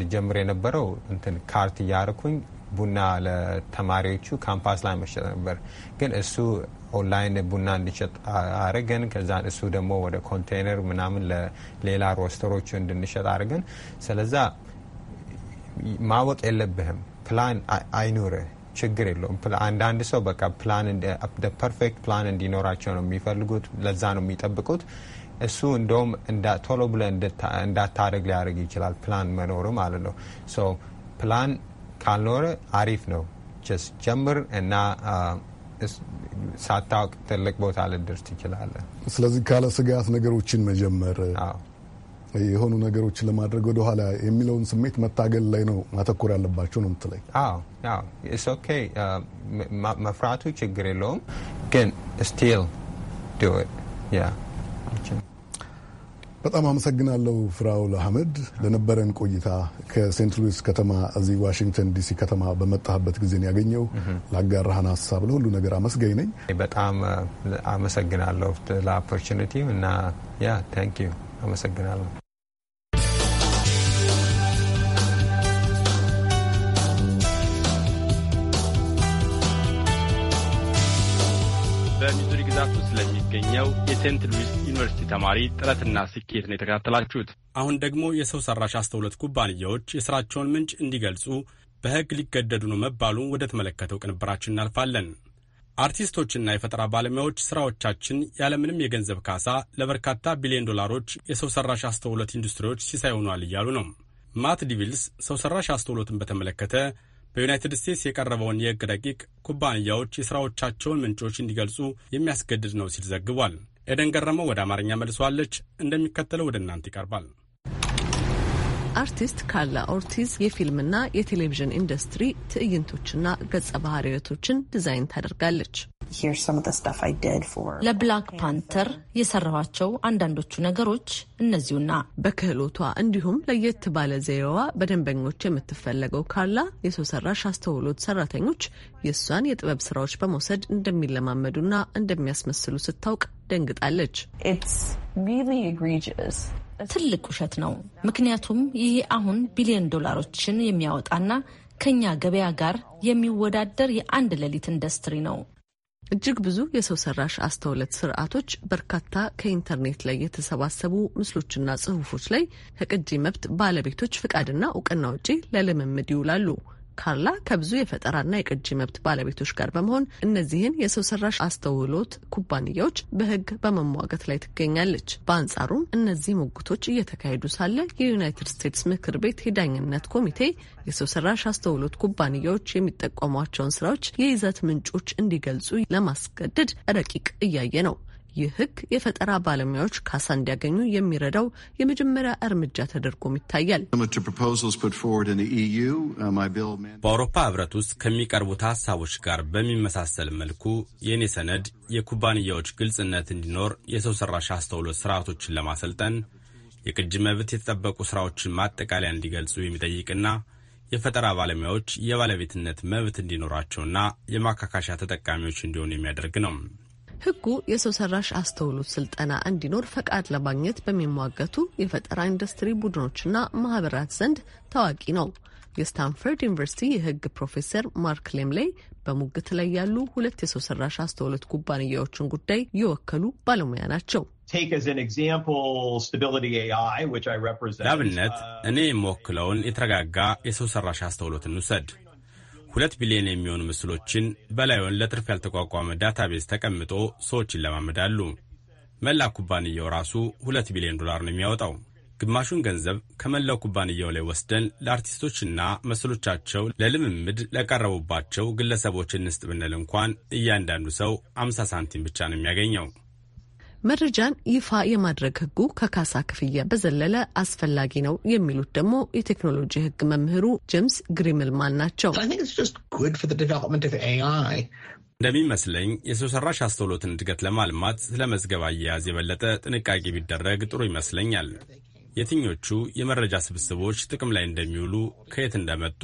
S14: ልጀምር የነበረው እንትን ካርት እያርኩኝ ቡና ለተማሪዎቹ ካምፓስ ላይ መሸጥ ነበር። ግን እሱ ኦንላይን ቡና እንዲሸጥ አድርገን ከዛ እሱ ደግሞ ወደ ኮንቴይነር ምናምን ለሌላ ሮስተሮቹ እንድንሸጥ አድርገን ስለዛ ማወቅ የለብህም። ፕላን አይኑርህ፣ ችግር የለውም። አንዳንድ ሰው በቃ ፕላን ፐርፌክት ፕላን እንዲኖራቸው ነው የሚፈልጉት፣ ለዛ ነው የሚጠብቁት። እሱ እንደውም ቶሎ ብለህ እንዳታደርግ ሊያደርግ ይችላል፣ ፕላን መኖሩ ማለት ነው። ሶ ፕላን ካልኖረ አሪፍ ነው። ጀምር እና ሳታውቅ ትልቅ ቦታ ልደርስ ትችላለህ።
S15: ስለዚህ ካለ ስጋት ነገሮችን መጀመር የሆኑ ነገሮችን ለማድረግ ወደኋላ የሚለውን ስሜት መታገል ላይ ነው ማተኮር ያለባቸው ነው የምትለኝ?
S14: ኦኬ uh, መፍራቱ ችግር የለውም ግን ስቲል
S15: በጣም አመሰግናለሁ ፍራውል አህመድ ለነበረን ቆይታ። ከሴንት ሉዊስ ከተማ እዚህ ዋሽንግተን ዲሲ ከተማ በመጣህበት ጊዜን ያገኘው ላጋራህን ሀሳብ ለሁሉ ነገር አመስጋኝ ነኝ።
S14: በጣም አመሰግናለሁ ለኦፖርቹኒቲ እና ያ ታንክ ዩ አመሰግናለሁ።
S1: በሚዙሪ ግዛት ውስጥ ስለሚገኘው የሴንት ሉዊስ ዩኒቨርሲቲ ተማሪ ጥረትና ስኬት ነው የተከታተላችሁት። አሁን ደግሞ የሰው ሰራሽ አስተውሎት ኩባንያዎች የስራቸውን ምንጭ እንዲገልጹ በሕግ ሊገደዱ ነው መባሉን ወደ ተመለከተው ቅንብራችን እናልፋለን። አርቲስቶችና የፈጠራ ባለሙያዎች ስራዎቻችን ያለምንም የገንዘብ ካሳ ለበርካታ ቢሊዮን ዶላሮች የሰው ሰራሽ አስተውሎት ኢንዱስትሪዎች ሲሳይ ሆኗል እያሉ ነው። ማት ዲቪልስ ሰው ሰራሽ አስተውሎትን በተመለከተ በዩናይትድ ስቴትስ የቀረበውን የህግ ረቂቅ ኩባንያዎች የሥራዎቻቸውን ምንጮች እንዲገልጹ የሚያስገድድ ነው ሲል ዘግቧል። ኤደን ገረመው ወደ አማርኛ መልሷለች፣ እንደሚከተለው ወደ እናንተ ይቀርባል።
S16: አርቲስት ካርላ ኦርቲዝ የፊልምና የቴሌቪዥን ኢንዱስትሪ ትዕይንቶችና ገጸ ባህሪያቶችን ዲዛይን ታደርጋለች። ለብላክ ፓንተር የሰራኋቸው አንዳንዶቹ ነገሮች እነዚሁና። በክህሎቷ እንዲሁም ለየት ባለ ዘዬዋ በደንበኞች የምትፈለገው ካርላ የሰው ሰራሽ አስተውሎት ሰራተኞች የእሷን የጥበብ ስራዎች በመውሰድ እንደሚለማመዱና እንደሚያስመስሉ ስታውቅ ደንግጣለች። ትልቅ ውሸት ነው። ምክንያቱም ይህ አሁን ቢሊዮን ዶላሮችን የሚያወጣና ከኛ ገበያ ጋር የሚወዳደር የአንድ ሌሊት ኢንዱስትሪ ነው። እጅግ ብዙ የሰው ሰራሽ አስተውለት ስርዓቶች በርካታ ከኢንተርኔት ላይ የተሰባሰቡ ምስሎችና ጽሁፎች ላይ ከቅጂ መብት ባለቤቶች ፍቃድና እውቅና ውጪ ለልምምድ ይውላሉ። ካርላ ከብዙ የፈጠራና የቅጂ መብት ባለቤቶች ጋር በመሆን እነዚህን የሰው ሰራሽ አስተውሎት ኩባንያዎች በሕግ በመሟገት ላይ ትገኛለች። በአንጻሩም እነዚህ ሙግቶች እየተካሄዱ ሳለ የዩናይትድ ስቴትስ ምክር ቤት የዳኝነት ኮሚቴ የሰው ሰራሽ አስተውሎት ኩባንያዎች የሚጠቀሟቸውን ስራዎች የይዘት ምንጮች እንዲገልጹ ለማስገደድ ረቂቅ እያየ ነው። ይህ ህግ የፈጠራ ባለሙያዎች ካሳ እንዲያገኙ የሚረዳው የመጀመሪያ እርምጃ ተደርጎም ይታያል።
S1: በአውሮፓ ህብረት ውስጥ ከሚቀርቡት ሀሳቦች ጋር በሚመሳሰል መልኩ የእኔ ሰነድ የኩባንያዎች ግልጽነት እንዲኖር የሰው ሰራሽ አስተውሎት ስርዓቶችን ለማሰልጠን የቅጂ መብት የተጠበቁ ስራዎችን ማጠቃለያ እንዲገልጹ የሚጠይቅና የፈጠራ ባለሙያዎች የባለቤትነት መብት እንዲኖራቸውና የማካካሻ ተጠቃሚዎች እንዲሆኑ የሚያደርግ ነው።
S16: ህጉ የሰው ሰራሽ አስተውሎት ስልጠና እንዲኖር ፈቃድ ለማግኘት በሚሟገቱ የፈጠራ ኢንዱስትሪ ቡድኖችና ማህበራት ዘንድ ታዋቂ ነው። የስታንፈርድ ዩኒቨርሲቲ የህግ ፕሮፌሰር ማርክ ሌምሌይ በሙግት ላይ ያሉ ሁለት የሰው ሰራሽ አስተውሎት ኩባንያዎችን ጉዳይ የወከሉ ባለሙያ ናቸው።
S14: ለአብነት
S1: uh, እኔ የምወክለውን የተረጋጋ የሰው ሰራሽ አስተውሎትን ውሰድ። ሁለት ቢሊዮን የሚሆኑ ምስሎችን በላዩን ለትርፍ ያልተቋቋመ ዳታቤዝ ተቀምጦ ሰዎች ይለማመዳሉ። መላ ኩባንያው ራሱ ሁለት ቢሊዮን ዶላር ነው የሚያወጣው። ግማሹን ገንዘብ ከመላው ኩባንያው ላይ ወስደን ለአርቲስቶችና መስሎቻቸው ለልምምድ ለቀረቡባቸው ግለሰቦች እንስጥ ብንል እንኳን እያንዳንዱ ሰው አምሳ ሳንቲም ብቻ ነው የሚያገኘው።
S16: መረጃን ይፋ የማድረግ ህጉ ከካሳ ክፍያ በዘለለ አስፈላጊ ነው የሚሉት ደግሞ የቴክኖሎጂ ህግ መምህሩ ጄምስ ግሪምልማን ናቸው።
S1: እንደሚመስለኝ የሰው ሰራሽ አስተውሎትን እድገት ለማልማት ስለ መዝገብ አያያዝ የበለጠ ጥንቃቄ ቢደረግ ጥሩ ይመስለኛል። የትኞቹ የመረጃ ስብስቦች ጥቅም ላይ እንደሚውሉ፣ ከየት እንደመጡ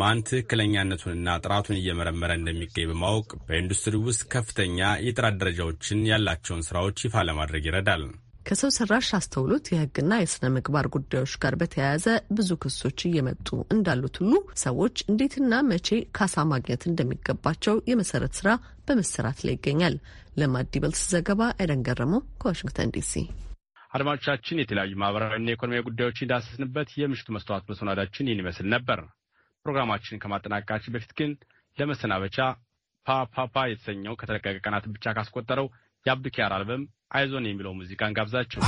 S1: ማን ትክክለኛነቱንና ጥራቱን እየመረመረ እንደሚገኝ በማወቅ በኢንዱስትሪ ውስጥ ከፍተኛ የጥራት ደረጃዎችን ያላቸውን ስራዎች ይፋ ለማድረግ ይረዳል።
S16: ከሰው ሰራሽ አስተውሎት የሕግና የስነ ምግባር ጉዳዮች ጋር በተያያዘ ብዙ ክሶች እየመጡ እንዳሉት ሁሉ ሰዎች እንዴትና መቼ ካሳ ማግኘት እንደሚገባቸው የመሰረት ስራ በመሰራት ላይ ይገኛል። ለማዲበልስ ዘገባ አይደን ገረመው ከዋሽንግተን ዲሲ።
S1: አድማጮቻችን፣ የተለያዩ ማህበራዊና ኢኮኖሚያዊ ጉዳዮችን ዳሰስንበት የምሽቱ መስተዋት መሰናዳችን ይህን ይመስል ነበር። ፕሮግራማችን ከማጠናቀቃችን በፊት ግን ለመሰናበቻ ፓፓፓ የተሰኘው ከተለቀቀ ቀናት ብቻ ካስቆጠረው የአብዱኪያር አልበም አይዞን የሚለው ሙዚቃን ጋብዛችሁ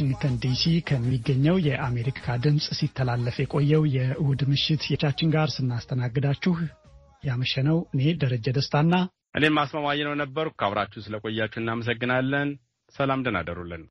S2: ዋሽንግተን ዲሲ ከሚገኘው የአሜሪካ ድምፅ ሲተላለፍ የቆየው የእሁድ ምሽት የቻችን ጋር ስናስተናግዳችሁ ያመሸነው እኔ ደረጀ ደስታና
S1: እኔም አስማማኝ ነው ነበሩ። ካብራችሁ ስለቆያችሁ እናመሰግናለን። ሰላም ደናደሩልን።